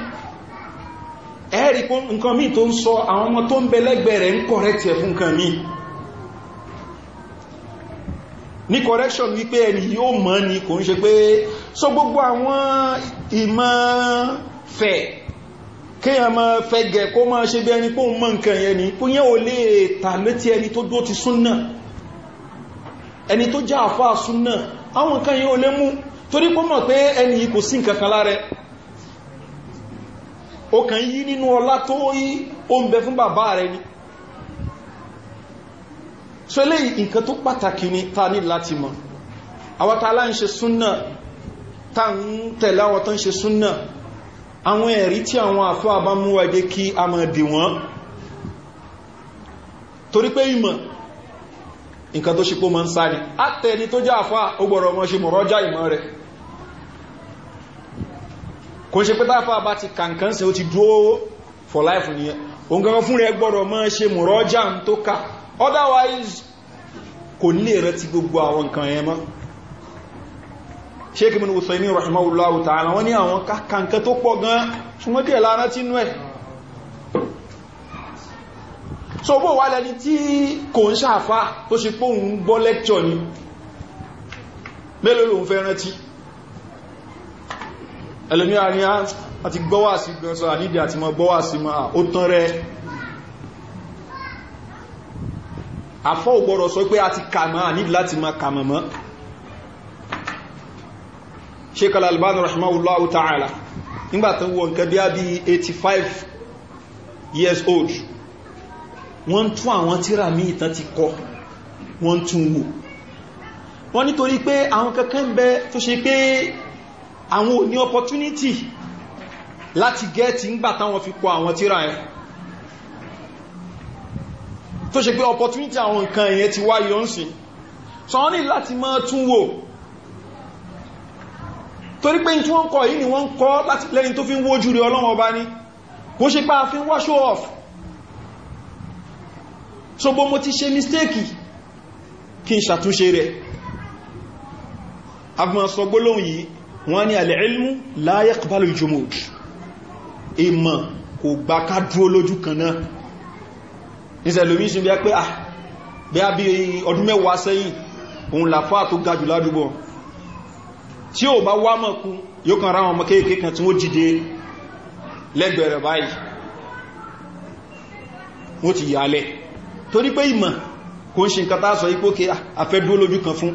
Speaker 1: ẹ̀rì nǹkan mí tó ń sọ àwọn ọmọ tó ń bẹ lẹ́gbẹ̀ẹ́ rẹ̀ ń kọ̀rẹ́tì ẹ̀ correction wípé ẹni ni kò ń ṣe pé so gbogbo àwọn ìmọ̀ fẹ̀ẹ́ kéèyàn máa fẹ́ gẹ̀ kó máa ṣe bí ẹni pòun mọ́ nǹkan yẹn ni kó yẹ́ o lè tà létí ẹni tó dó ti súnnà ẹni tó já àfá súnnà àwọn nǹkan yẹn o lè mú torí pọ́ mọ̀ pé ẹni yìí kò sí nǹkan lára o kàn nínú ọlá tó yí o ń bẹ fún bàbá rẹ ni so eléyìí nǹkan tó pàtàkì ni ta ní láti mọ̀ àwọn ta ń ṣe súnnà ta ń tẹ̀lé àwọn tó ń ṣe súnnà àwọn ẹ̀rí tí àwọn àfá bá kí a mọ̀ dì wọ́n torí pé ìmọ̀ nǹkan tó ṣepó mọ́ ń sáré àtẹni tó jẹ́ àfá ó gbọ́rọ̀ mọ́ ṣe mọ̀rọ́já ìmọ̀ rẹ̀ kò ṣe pé táfà bá ti kàǹkan sí ó ti dúó for life nìyẹn òun fún rẹ̀ gbọ́rọ̀ mọ́ ṣe mọ̀rọ́já tó ká otherwise kò nílé rẹ̀ gbogbo àwọn nǹkan mọ́ sheik ibn usaimin rahimahullahu ta'ala wọ́n ní àwọn kankan tó pọ̀ gan ṣùgbọ́n díẹ̀ lára tí inú ẹ̀ so bó wà lẹ́ni tí kò ń ṣàfá tó ṣe pó ń gbọ́ lẹ́kṣọ́ ni mélòó lòun fẹ́ rántí ẹlẹ́mí àní ah, àti gbọ́wà sí gbọ́nsọ ànídì àti mọ́ gbọ́wà sí mọ́ ó tán rẹ àfọ́ ògbọ́rọ̀ sọ pé a ti kàmọ́ ànídì láti mọ́ kàmọ́ mọ́ sheik al-albani rahimahullahu ta'ala nígbàtí wọ́n nǹkan bí i 85 years old wọ́n tún àwọn tíra mí ìtàn ti kọ wọ́n tún wò wọ́n nítorí pé àwọn kankan bẹ tó ṣe pé àwọn ò opportunity Lati gẹ́ẹ̀tì nígbàtí wọ́n fi kọ àwọn tíra ẹ̀ tó ṣe pé opportunity àwọn nǹkan ẹ̀yẹn ti wáyé ọ̀nsìn sọ wọ́n ní láti máa tún wò torí pé tí wọ́n kọ yìí ni wọ́n kọ lẹ́ni tó fi ń wójú rí ọlọ́wọ́ bá ní kó ṣe pá fi ń wá show off so bó mo ti ṣe mistake kí n ṣàtúnṣe rẹ̀ agbọn sọ gbólóhùn yìí wọ́n ní al-ilmu la yaqbalu al-jumud ìmọ̀ kò gbà ká dúró lójú ah bí i ọdún mẹ́wàá sẹ́yìn òun tí ó bá wá mọ̀kú yóò kàn ra ọmọ kéèkéé kan tí wọ́n jìde lẹ́gbẹ̀rẹ̀ báyìí wọ́n ti yàálẹ̀ torí pé ìmọ̀ kò ń ṣe nǹkan tàà sọ ipò kí afẹ́ dúó lójú kan fún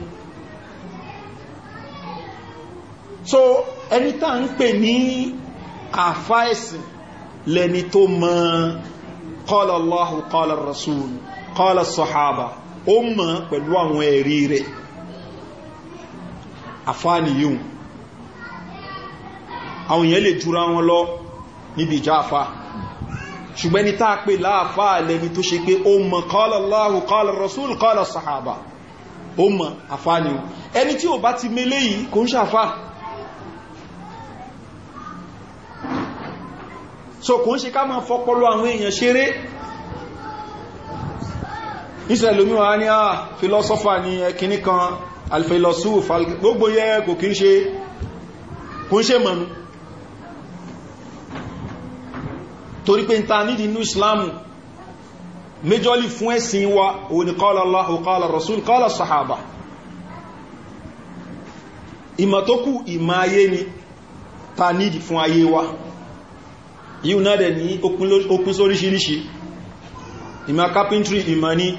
Speaker 1: so ẹni tá ń pè ní àfá ẹ̀sìn lẹni tó mọ́ kọ́lọ̀lọ́hù kọ́lọ̀ rasul kọ́lọ̀ sọ̀hábà ó mọ̀ pẹ̀lú àwọn ẹ̀rí rẹ̀ àfáàní yíò àwọn èèyàn lè jura wọn lọ níbi ìjà àfá ṣùgbẹ́ni táà pé láàfá lẹni tó ṣe pé ó mọ̀ kọ́lọ̀ kọ́lọ̀ rasul kọ́lọ̀ sahaba ó mọ̀ àfáàní yíò ẹni tí ò bá so kò ń ṣe ká máa fọ́pọ́lọ àwọn èèyàn ṣeré ìṣẹ̀lómi ní à fílọ́sọ́fà ní ẹkìní kan alfilosuf gbogbo yẹ kò kí ń ṣe kò ń ṣe mọ̀nú torí pé ta nídi inú islamu méjọ́lì fún ẹ̀sìn wa òní qala Allah qala rasul qala sahaba ìmọ̀ tó kù ìmọ̀ ayé ni ta nídi fún ayé wa yíò náà dẹ̀ ní okun sóríṣiríṣi ìmọ̀ carpentry ìmọ̀ ní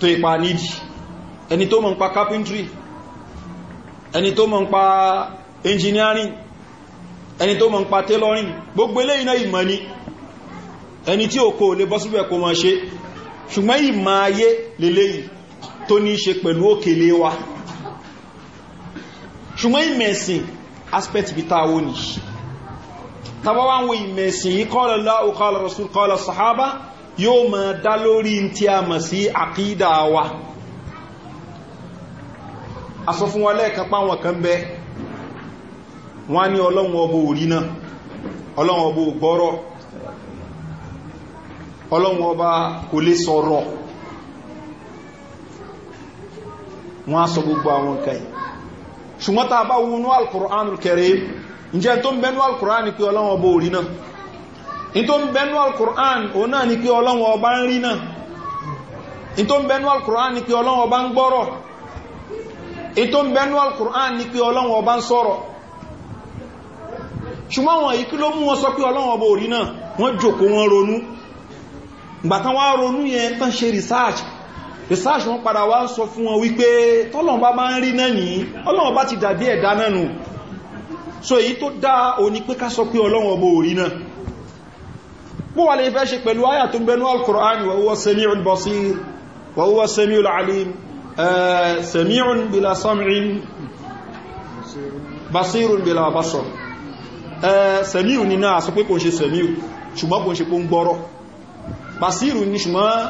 Speaker 1: tó ipa nídìí ẹni tó mọ̀ ń pa carpentry ẹni tó mọ̀ ń pa engineering ẹni tó mọ̀ ń pa tailoring gbogbo eléyìí náà ìmọ̀ ni ẹni tí òkò lè bọ́ síbẹ̀ kò mọ̀ ṣe ṣùgbọ́n ìmọ̀ ayé lélẹ́yìí tó ní ṣe pẹ̀lú òkèlé wa ṣùgbọ́n ìmẹ̀sìn aspect bí ta wó ní tàbá wá ń wo ìmẹ̀sìn yí kọ́lọ̀ láwọ́ kọ́lọ̀ rasul kọ́lọ̀ sahaba yóò máa dá lórí tí a mọ̀ sí àkídà wa asọ fún wa lẹ́ẹ̀kan páwọn kan bẹ wọ́n ní ọlọ́run ọbọ̀ orí náà ọlọ́run ọbọ̀ gbọ́rọ̀ ọlọ́run ọba kò lè sọ̀rọ̀ wọ́n á sọ gbogbo àwọn nǹkan yìí ṣùgbọ́n tá a bá wọnú alkùránù karim ǹjẹ́ tó ń bẹnu alkùránù pé ọlọ́run ọba orí náà in tó ń bẹnu alkùránù òun náà ni pé ọlọ́run ọba ń rí náà in tó ń bẹnu alkùránù ni pé ọlọ́run ọba ń ètò bẹnu alkùnrán ní pé ọlọ́run ọba ń sọ́rọ̀ ṣùgbọ́n wọn yìí kí ló mú wọn sọ pé ọlọ́run ọba orí náà wọ́n jòkó wọn ronú gbàtán wá ronú yẹn tán ṣe research research wọn padà wá sọ fún wọn wípé tọ́lọ́run bá bá ń rí náà ní ọlọ́run bá ti dàbí ẹ̀dá náà nù so èyí tó dá òní pé ká sọ pé ọlọ́run ọba orí náà bó wà lè fẹ́ ṣe pẹ̀lú àyà tó ń bẹnu alkùnrán wọ́n wọ́n sẹ́ni ìrìnbọ̀sí wọ́n wọ́n sẹ́ni ìlú alim Eh, sami'un bila sam'in basirun bila basar eh, sami'un ni náà sọ pé kò ṣe sami'u ṣùgbọ́n kò ṣe pé ń gbọ́rọ̀ basirun ni ṣùgbọ́n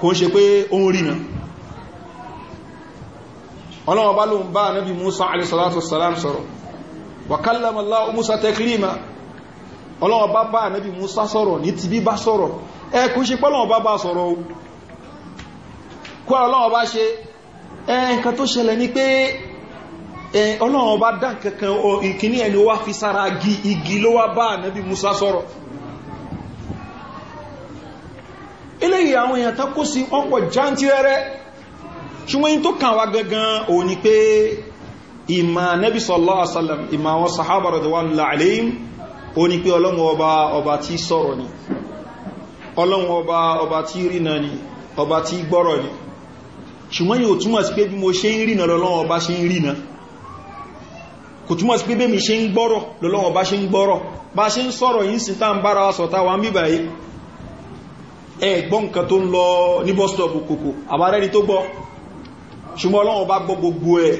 Speaker 1: kò ṣe pé ó ń rí náà ọlọ́wọ́ bá lóun bá anábi musa alìsọ́látọ̀ salam sọ̀rọ̀ wà kálàmà láwọ́ musa tẹ́kìlìmà ọlọ́wọ́ bá bá anábi musa sọ̀rọ̀ ní ti bá sọ̀rọ̀ ẹ eh, kò ṣe pọ́lọ́wọ́ bá bá sọ̀rọ̀ kó ọlọ́run ọba ṣe nǹkan tó ṣẹlẹ̀ ni pé ọlọ́run ọba dá kankan ìkíní ẹni wá fi sára igi ló wá bá ànábì Musa sọ̀rọ̀ eléyìí àwọn èèyàn tán kó sí ọ̀pọ̀ jántírẹ́rẹ́ ṣùgbọ́n yí tó kàn wá gangan òun ni pé ìmà nẹ́bí sallallahu alaihi wasallam ìmà àwọn sahaba radhiyallahu alaihim ó ní pé ọlọ́run ọba ọba ọba tí gbọ́rọ̀ ni ṣùgbọ́n yóò túnmọ̀ sí pé bí mo ṣe ń rìnà lọ́lọ́wọ́ bá ṣe ń rìnà kò túnmọ̀ sí pé bí mi ṣe ń gbọ́rọ̀ lọ́lọ́wọ́ bá ṣe ń gbọ́rọ̀ bá ṣe ń sọ̀rọ̀ yìí sí tán bára sọ̀tá wa ń bíbà yìí ẹ gbọ́ nǹkan tó ń lọ ní bọ́stọ̀p kòkò àbárẹ́ni tó gbọ́ ṣùgbọ́n ọlọ́wọ́ bá gbọ́ gbogbo ẹ̀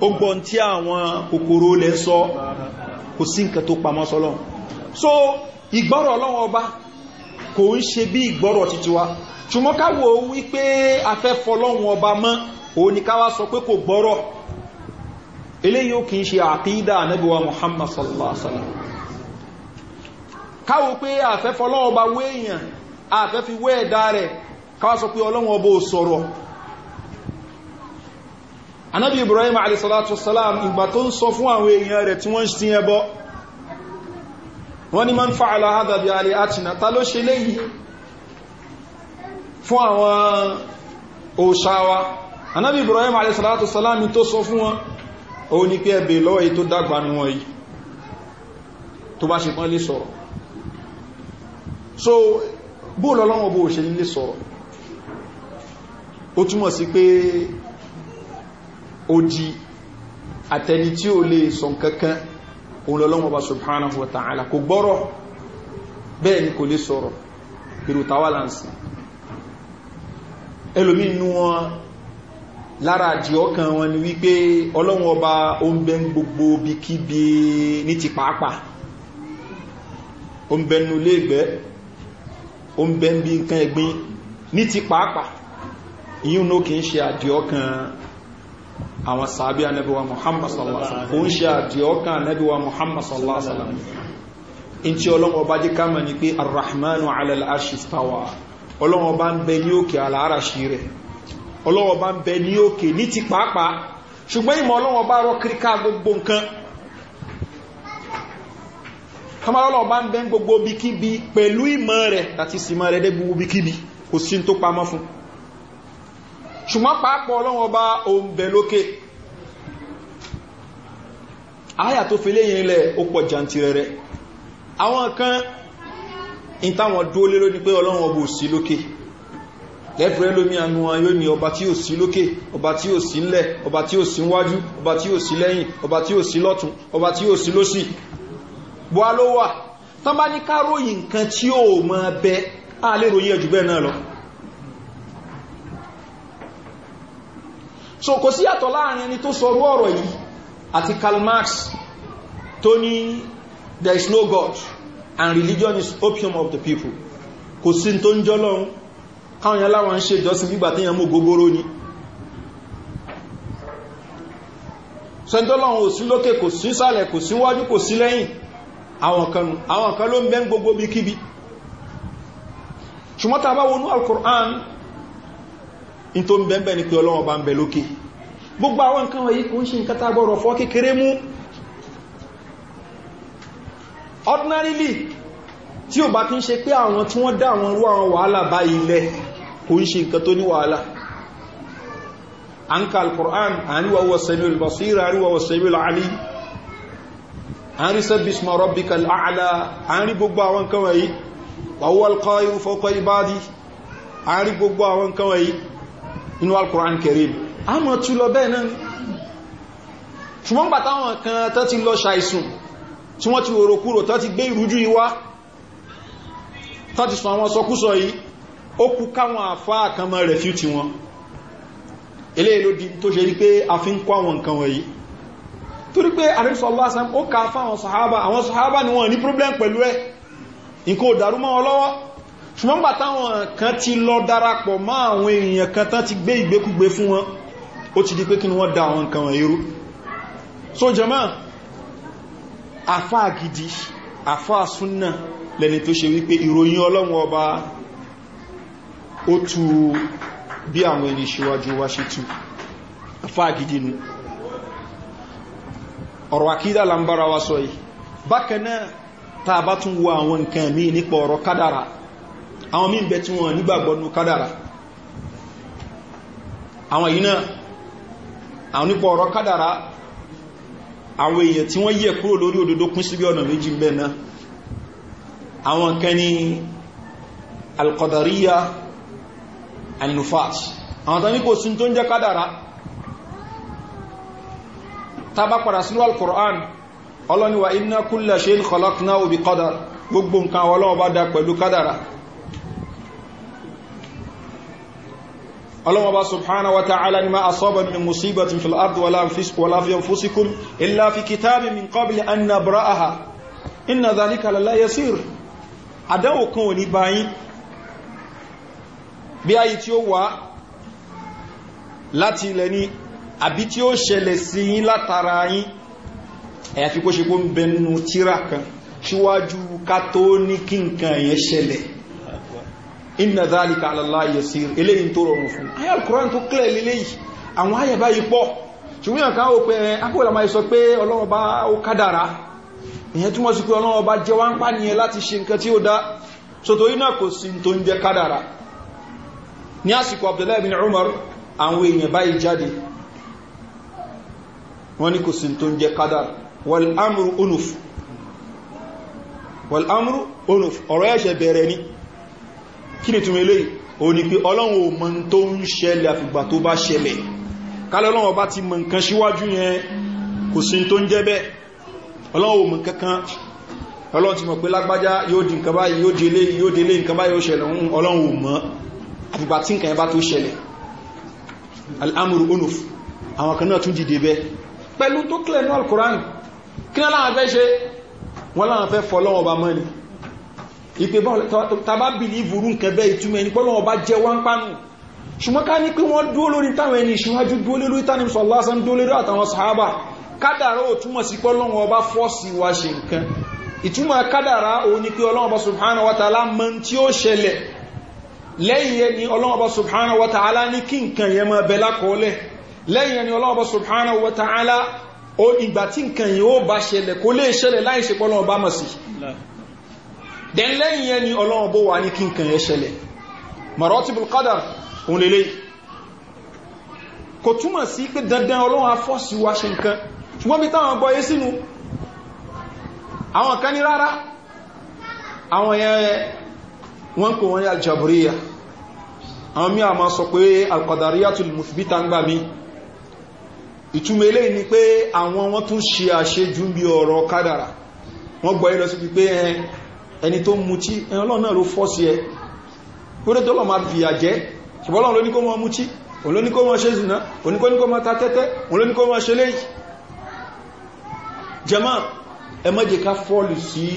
Speaker 1: ó gbọ́ tí àwọn kòkòrò lẹ sọ kò ń ṣe bí ìgbọ́rọ̀ títí wa ṣùgbọ́n káwò wípé afẹ́ fọlọ́hun ọba mọ́ òun ni káwà sọ pé kò gbọ́rọ̀ eléyìí ó kìí ṣe àkídà anábíwa muhammad sallallahu alaihi wasallam káwò pé afẹ́ fọlọ́hun ọba wé èèyàn afẹ́ fi wé ẹ̀dá rẹ̀ káwà sọ pé ọlọ́hun ọba ò sọ̀rọ̀ anábí alaihi wasallam ìgbà tó ń sọ fún wọ́n ni ma ń fa aláhádà bí alẹ́ àtìnà ta ló ṣe léyìí fún àwọn òṣàwà anábì ibrahim alẹ́sàlátù salami tó sọ fún wọn o ní pé ẹbẹ̀ lọ́wọ́ èyí tó dàgbà ní yìí tó bá ṣe pán lè sọ̀rọ̀ so bó lọ́lọ́wọ́ bó ṣe lè sọ̀rọ̀ ó túnmọ̀ sí pé ó di àtẹni tí ó lè sọ kankan òun lọ́lọ́wọ́ bá subhanahu wa ta'ala kò gbọ́rọ̀ bẹ́ẹ̀ ni kò lè sọ̀rọ̀ pẹ̀lú tawalansi ẹlòmí inú wọn lára àjí ọkàn wọn ni wípé ọlọ́wọ́ ọba oúnbẹ́ gbogbo bikíbi ní ti pàápàá oúnbẹ́ nú léègbẹ́ oúnbẹ́ bí nǹkan ẹ̀gbin ní ti pàápàá àwọn sàábí anẹ́bíwa Muhammad sallallahu alaihi wasallam kò ń ṣe àdíọ́kàn anẹ́bíwa Muhammad sallallahu alaihi wasallam in tí ọlọ́wọ́ bá jí ká mọ̀ ní pé arrahmanu alal'arshi stawa ọlọ́wọ́ bá ń bẹ ní òkè al'arashi rẹ̀ ọlọ́wọ́ bá ń bẹ ní òkè ní ti pàápàá ṣùgbọ́n ìmọ̀ ọlọ́wọ́ bá rọ kíríká gbogbo nǹkan kamarọ́lọ́ bá ń bẹ gbogbo bikibi pẹ̀lú ìmọ̀ rẹ̀ àti ìsìmọ̀ rẹ̀ dé gbogbo bikibi kò sí tó pamọ́ fún ṣùgbọ́n pàápọ̀ ọlọ́run ọba oúnbẹ̀ lókè àyà tó fi léyìn ilẹ̀ ó pọ̀ jàntìrẹrẹ àwọn kan in táwọn dúó lé lóní pé ọlọ́run ọba ò sí lókè lẹ́fẹ̀ẹ́ lómi àánú wọn yóò ní ọba tí ò sí lókè ọba tí ò sí ńlẹ̀ ọba tí ò sí wájú ọba tí ò sí lẹ́yìn ọba tí ò sí lọ́tún ọba tí ò sí lósì bọ́á ló wà tán bá ní ká ròyìn nǹkan tí ò mọ bẹ́ á lè ròyìn ẹ̀jù bẹ́ẹ̀ náà lọ so kò sí yàtọ̀ láàrin ẹni tó sọrú ọ̀rọ̀ yìí àti Karl Marx tó ní there is no God and religion is opium of the people kò sí tó ń jọ́ lọ́run káwọn yẹn láwọn ń ṣe ìjọsìn nígbà tí yẹn mú gógóró ni sẹ́ńtọ́lọ́run ò sí lókè kò sí sálẹ̀ kò sí wájú kò sí lẹ́yìn àwọn kan àwọn kan ló ń gbogbo bí kíbi ṣùgbọ́n tàbá wọnú al-Qur'an in tó ń bẹ́ẹ̀bẹ́ ni pé ọlọ́wọ́ bá ń bẹ lókè gbogbo àwọn nǹkan wọ̀nyí kò ń ṣe nǹkan tágbọ́rọ̀ fọ́ kékeré mú ordinarily tí ò bá kí ń ṣe pé àwọn tí wọ́n dá àwọn rú àwọn wàhálà bá ilẹ̀ kò ń ṣe nǹkan tó ní wàhálà an ka alkur'an an wawwa samiul basir an wawwa samiul ali an ri sabbis ma rabbikal a'la an ri gbogbo àwọn nǹkan wọ̀nyí wawwa alqayu fawqa ibadi an ri gbogbo àwọn nǹkan wọ̀nyí nínú alkùnrin kẹrìm a mọ̀ tú lọ bẹ́ẹ̀ náà ṣùgbọ́n gbàtà wọn kan tó ti lọ ṣàìsùn tí wọ́n ti rò kúrò tó ti gbé ìrújú ìwá tó ti sọ àwọn sọkúsọ yìí ó kú káwọn àfá àkànmọ́ rẹ̀ fíú ti wọn ilé ìlú tó ṣe rí pé a fi ń kọ́ àwọn nǹkan wọ̀nyí torí pé àrísọ́lá ni problem pẹ̀lú ẹ̀ nǹkan ò ṣùgbọ́n gbà táwọn kan ti lọ darapọ̀ mọ́ àwọn èèyàn kan tán ti gbé ìgbékúgbé fún wọn ó ti di pé kí ni wọ́n da àwọn nǹkan wọn irú so jama àfáà gidi àfáà súnnà lẹni tó ṣe wípé ìròyìn ọlọ́run ọba ó tu bí àwọn ẹni ṣíwájú wá ṣe tu àfáà gidi nu ọ̀rọ̀ àkídà lambara wa sọ yìí bákanáà tàbátún àwọn nǹkan mí nípa ọ̀rọ̀ kádàrà àwọn míì bẹ tí wọ́n nígbàgbọ́ nú kádàrà àwọn yìí náà àwọn nípa ọ̀rọ̀ kádàrà àwọn èèyàn tí wọ́n yẹ kúrò lórí òdodo kún sí bí ọ̀nà méjì ń bẹ náà àwọn kan ní alkọ̀dàríyà annufat àwọn tán ní kò sí tó ń jẹ́ kádàrà gbogbo nǹkan ọlọ́wọ́ bá dá pẹ̀lú kádàrà ọlọ́wọ́ bá subhana wa ta'ala ni ma a sọ́bà min musibatin fil ardi wala fi anfusikum illa fi kitabi min qabli an na bra'aha inna dhalika lalla yasir adawo kan oni bayin bí ayi tí ó wà láti ilẹ̀ ni àbí tí ó ṣẹlẹ̀ sí yín látara yín ẹ̀yà fi kó ṣe inna dhalika ala Allah yasir eléyìn tó rọrùn fún ayé al-Qur'an tó kílẹ̀ léléyìí àwọn ayé báyìí pọ̀ ṣùgbọ́n àká ó pẹ́ akọ́wẹ̀lá máa sọ pé Ọlọ́run bá ó kádàrá ìyẹn túnmọ̀ sí pé Ọlọ́run bá jẹ́ wá ń pà nìyẹn láti ṣe nǹkan tí ó dá sọ́tọ̀ iná kò sí tó ń jẹ kádàrá ní àsìkò Abdullahi kí ni túnmọ̀ eléyìí o ní pé ọlọ́run ò mọ̀ tó ń ṣẹlẹ̀ àfìgbà tó bá ṣẹlẹ̀ kálẹ̀ ọlọ́run ọba ti mọ̀ nǹkan síwájú yẹn kò sí tó ń jẹ́ bẹ́ẹ̀ ọlọ́run ò mọ̀ kankan ọlọ́run ti mọ̀ pé lágbájá yóò di nǹkan báyìí yóò délé yóò délé nǹkan báyìí yóò ṣẹlẹ̀ ń ọlọ́run ò mọ̀ àfìgbà tí ìpé tàbá bìlìvù rú nǹkan bẹ́ ìtumẹ̀ ní pọ́lọ̀ ọba jẹ wá ń pánù ṣùgbọ́n ká ní pé wọ́n dúó lórí táwọn ẹni ìṣíwájú dúó lórí tánìm sọ̀lásán dúó lórí àtàwọn sàábà kádàrá ò túmọ̀ sí pọ́lọ̀ ọba fọ́ọ̀sì wa ṣe nǹkan ìtumọ̀ kádàrá ò ní pé ọlọ́run ọba subhanahu wa ta'ala mọ̀ tí ó ṣẹlẹ̀ lẹ́yìn yẹn ni ọlọ́run ọba subhanahu dẹ̀ lẹ́yìn yẹn ni ọlọ́run bó wà ní kí nǹkan yẹn ṣẹlẹ̀ maratibul qadar òun lè léyìí kò túmọ̀ sí pé dandan ọlọ́run afọ́sí wa ṣe nǹkan ṣùgbọ́n bí táwọn gbọ́ yé sínú àwọn kan ní rárá àwọn yẹn wọ́n kò wọ́n ní aljabriya àwọn mí àmà sọ pé alqadariyatul muthbita ń gbà mí ìtumọ̀ eléyìí ni pé àwọn wọ́n tún ṣe ẹni tó mutí ẹni ọlọ́run náà ló fọ́sí ẹ kúrò tó lọ ma fi àjẹ́ ṣùgbọ́n ọlọ́run ló ní kó mọ́ mutí òun ló ní kó mọ́ ṣe zìnà òun ní kó ní kó mọ́ ta tẹ́tẹ́ òun ló ní kó mọ́ ṣe léyìí jẹma ẹ ká fọ́ọ̀lù sí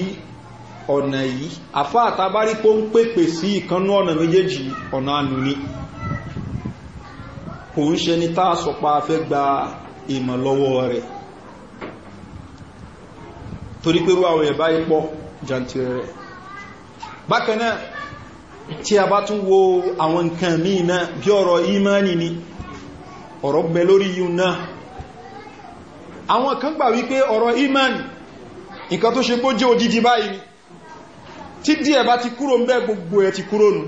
Speaker 1: ọ̀nà yìí àfá àtàbárí pó ń pèpè sí ìkanú ọ̀nà méjèèjì ọ̀nà ànú ni kò ń ṣe ní táà torí pé rú àwọn ẹ̀bá ipọ̀ rẹ̀ bákan náà tí a bá tún wo àwọn nǹkan míì náà bí ọ̀rọ̀ ìmánì ni ọ̀rọ̀ gbẹ lórí yìí náà àwọn kan gbà wípé ọ̀rọ̀ ìmánì nǹkan tó ṣe pó jẹ́ odidi báyìí ni tí díẹ̀ bá ti kúrò ń bẹ́ gbogbo ẹ̀ ti kúrò nù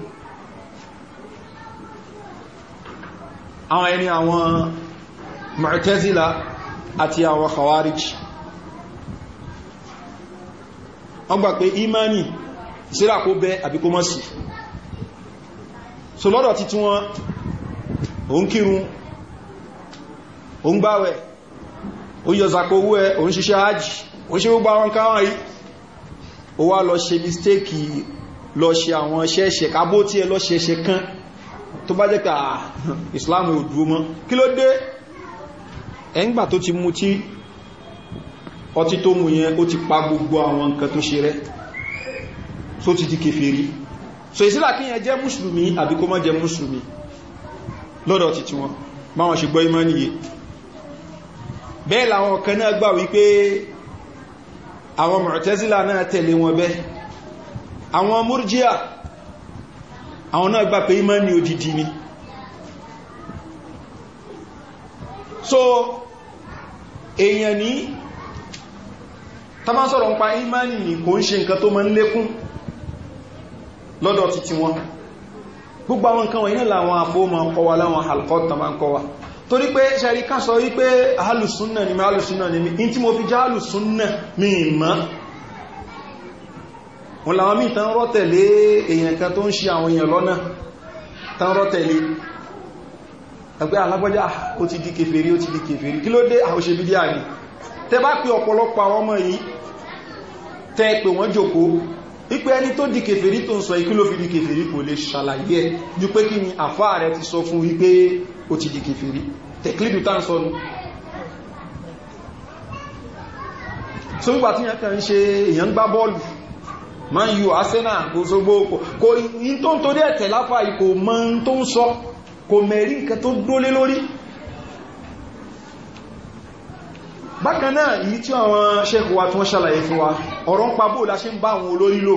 Speaker 1: àwọn ẹni àwọn Mu'tazila àti àwọn Khawarij wọ́n gbà pé ìmánì síra kó bẹ́ àbí kó mọ́ sí so lọ́dọ̀ ti tí wọ́n òun kírun òun gbáwẹ̀ ó yọ zàkó owó ẹ òun ṣiṣẹ́ ajì ó ṣe gbogbo àwọn káwọn yìí ó wá lọ ṣe mistake lọ ṣe àwọn ṣẹ́ṣẹ́ kábó tí ẹ lọ ṣẹ́ṣẹ́ kan tó bá jẹ́ pé ah, Islam ò dúró mọ́ kí ló dé ẹ̀ngbà tó ti mú tí ọtí tó mú yẹn ó ti pa gbogbo àwọn nǹkan tó ṣe rẹ̀ so ti di kèfèrí so ìsílà kí yẹn jẹ́ mùsùlùmí àbí kó má jẹ́ mùsùlùmí lọ́dọ̀ ti ti wọn ma wọn ṣe gbọ́ imọ́ nìyẹ bẹ́ẹ̀ làwọn kan náà gbà wípé àwọn mọ̀tẹ́sílà náà tẹ̀lé wọn bẹ́ àwọn múrjíà àwọn náà gbà pé imọ́ ní odidi ni so èèyàn ní tàbá ń pa imọ́ ní kò ń ṣe nǹkan tó mọ́ ń lékún lọ́dọ̀ títí wọn gbogbo àwọn nǹkan wọ̀nyí láwọn àfóòmọ̀ kọwa láwọn halkọ́ta ma ń kọwa torí pé ṣẹ̀rí ká sọ wípé alùsúnnà ni mi alùsúnnà ni mi in tí mo fi já alùsúnnà mi mọ́ wọn làwọn míì tán rọ́ tẹ̀lé èèyàn kan tó ń ṣe àwọn èèyàn lọ́nà tán rọ́ ẹgbẹ́ alágbọ́já ah, ah, ó ti di kèfèrí ó ti di kèfèrí kí ló dé àwòṣe ah, bídíà ni tẹ bá pé ọ̀pọ̀lọpọ̀ àwọn ọmọ yìí tẹ́ pé wọ́n jókòó ipe ẹni tó di kèfèrí tó ń sọ ikú ló fi di kèfèrí kò lè ṣàlàyé ẹ̀ ju pé kí ni àfá rẹ̀ ti sọ fún wípé ó ti di kèfèrí tẹ̀klídù tá ń sọnù so nígbà tí yàtọ̀ ń ṣe èyàn gbá bọ́ọ̀lù man yu arsenal kò sógbó kò yí tó ń torí bákan náà èyí tí àwọn ṣẹ́kù wa tí wọ́n ṣàlàyé fún wa ọ̀rọ̀ ń pa bó la ṣe ń bá àwọn olórí lò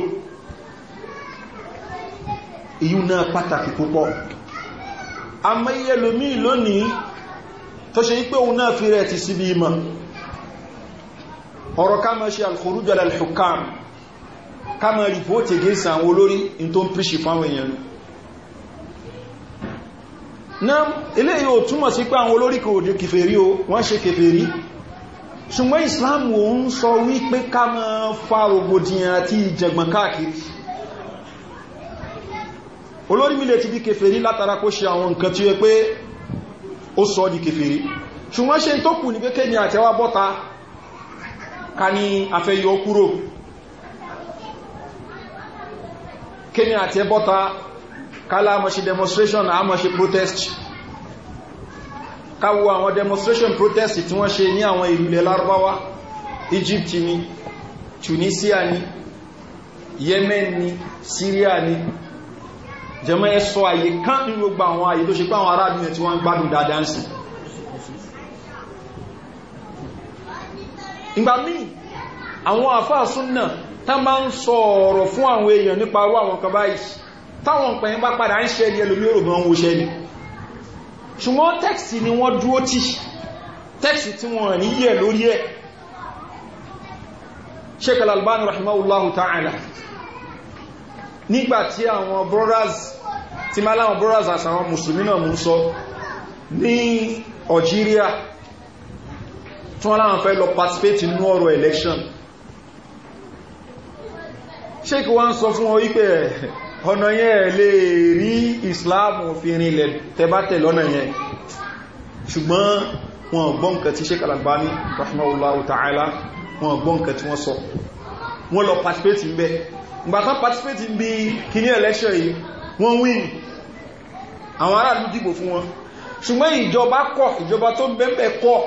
Speaker 1: èyí náà pàtàkì púpọ̀ amáyé lomi lónìí tó ṣe wípé òun náà fi rẹ̀ ti síbi ìmọ̀ ọ̀rọ̀ ká máa ṣe hukam ká máa rìpótì against àwọn olórí in tó ń píṣì fáwọn èèyàn náà ilé yóò ṣùgbọ́n islam ò ń sọ wípé ká máa fa rògbòdìyàn àti ìjẹgbọ̀n káàkiri olórí mi lè ti di kèfèrí látara kó ṣe àwọn nǹkan tí ó yẹ pé ó sọ di kèfèrí ṣùgbọ́n ṣe tó kù ní pé kéni àtẹwà bọ́ta ká ní demonstration àmọ́ ṣe protest káwo àwọn demonstration protest tí wọ́n ṣe ní àwọn ìlú ilẹ̀ lárúbáwá Egypt ni Tunisia ni Yemen ni Syria ni jẹmọ́ ẹ sọ àyè kán ní gbogbo àwọn àyè tó ṣe pé àwọn aráàlú yẹn tí wọ́n ń gbádùn dáadáa ń sìn ìgbà míì àwọn àfáà súnnà tá máa ń sọ ọ̀rọ̀ fún àwọn èèyàn nípa arú àwọn kan táwọn pẹ̀yìn bá padà ń ṣe ẹni ẹlòmí òrògbọ́n wo ṣẹ́ ni ṣùgbọ́n tẹ́kìsì ni wọ́n dúró tí tẹ́kìsì tí wọ́n ní yẹ lórí ẹ̀ Sheikh Al-Albani rahimahullahu ta'ala nígbàtí àwọn brothers tí má láwọn brothers àtàwọn musulmi náà mú sọ ní Algeria tí wọ́n láwọn fẹ́ lọ participate inú ọ̀rọ̀ election Sheikh wọ́n sọ fún ọ wípé ọ̀nà yẹn lè rí ìsìláàmù òfin ilẹ̀ tẹbátẹ̀ lọ́nà yẹn ṣùgbọ́n wọn gbọ́n nǹkan tí Sheikh Al-Albani rahimahullahu ta'ala wọn gbọ́n tí wọ́n sọ wọ́n lọ participate ń bẹ́ ìgbàtán participate ń bí kíní election yìí wọ́n win àwọn aráàlú dìbò fún wọn ṣùgbọ́n ìjọba kọ̀ ìjọba tó bẹ́ẹ̀ kọ̀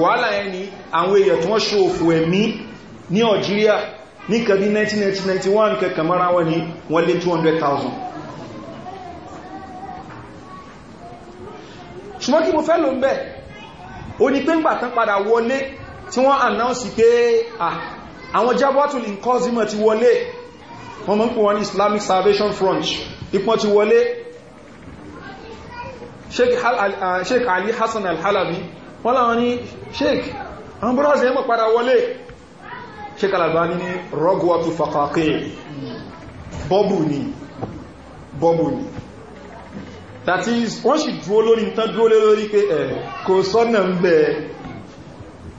Speaker 1: wàhálà yẹn ni àwọn èèyàn tí wọ́n ṣòfò ẹ̀mí ní algeria ní kàbí 1991 kẹkà mara wọn ni wọ́n lé 200,000 ṣùgbọ́n kí mo fẹ́ ló ń bẹ̀ ó ní pé ń gbàtán padà wọlé tí wọ́n announce pé àwọn jabatul inqazima ti wọlé wọ́n mọ́ ń pè wọ́n ní islamic salvation front ipọ́n ti wọlé sheikh ali hassan al-halabi wọ́n láwọn ní sheik àwọn brothers yẹn mọ̀ padà wọlé sheik Al-Albani ní rọ́gùwàtù fàkàkì bọ́bù ni bọ́bù ni that is wọ́n sì dúró lórí tán dúró lé lórí pé ẹ̀ kò sọ́nà ń bẹ̀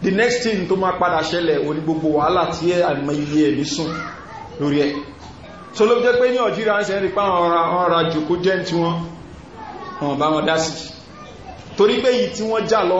Speaker 1: the next thing tó máa padà ṣẹlẹ̀ orí gbogbo wàhálà tí ẹ àmì iye ẹ̀ nísùn lórí ẹ̀ so ló jẹ́ pé ní Algeria ń sẹ́rí pa ọ̀rọ̀ àjòkó jẹ́ tí wọ́n bá wọn dá sí torí pé yìí tí wọ́n já lọ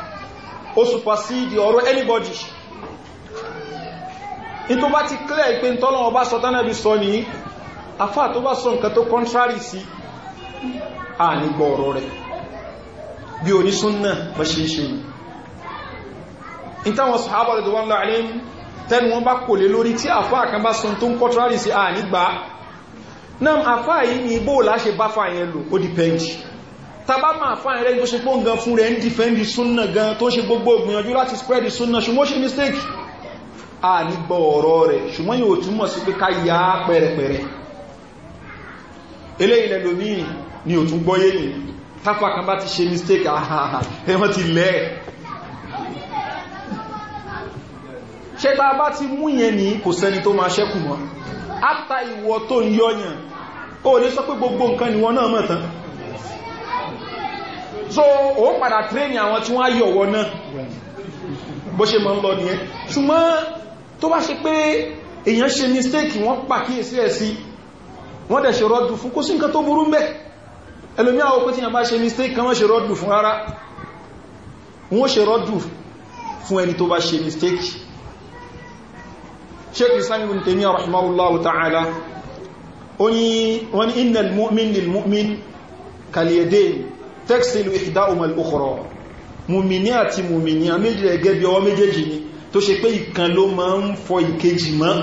Speaker 1: ó supersede ọ̀rọ̀ anybody in tó bá ti clear ìpé tọ́lọ́wọ́ bá sọ tánàbí sọ ní afá tó bá sọ nǹkan tó contrary sí a ní gbọ́ ọ̀rọ̀ rẹ̀ bí o ní súnnà bá ṣe ṣe in táwọn sọ̀hábà lè dọ̀wọ́n láàrin tẹ́nu wọn ni bóòlá ṣe bá fà yẹn lò ó tàbá máa fáà rẹ̀ tó ṣe pọ́ gan fún rẹ̀ ń dìfẹ́ndì súnnà gan tó ṣe gbogbo ìgbìyànjú láti spread súnnà ṣùgbọ́n ṣe mistake a ní gbọ́ ọ̀rọ̀ rẹ̀ ṣùgbọ́n yóò túnmọ̀ sí pé ká yá pẹ̀rẹ̀pẹ̀rẹ̀ eléyìí ni ò tún ni tápà kan bá mistake àhàhà ẹwọ́n ti lẹ́ ṣe tá a bá ti mú yẹn ní kò sẹ́ni tó máa ṣẹ́kù mọ́ áta ìwọ tó ń sọ pé gbogbo nǹkan ni wọn náà mọ̀ tán so ó padà tréní àwọn tí wọ́n ayọ̀ wọ náà bó ṣe mọ́ ń lọ nìyẹn ṣùgbọ́n tó bá ṣe pé èèyàn ṣe mistake wọ́n pàkíyèsí ẹ̀ sí wọ́n dẹ̀ ṣe rọ́dù fún kó sí nǹkan tó burú mẹ́ ẹlòmí àwọn òpin tí yàn bá ṣe mistake kan wọ́n ṣe rọ́dù fún ara tẹ́kṣìlù ìdáhùn al-ukhra mùmìní àti mùmìní a méjì ẹgẹ́ bí ọwọ́ méjèèjì ni tó ṣe pé ìkan ló máa ń fọ ìkejì mọ́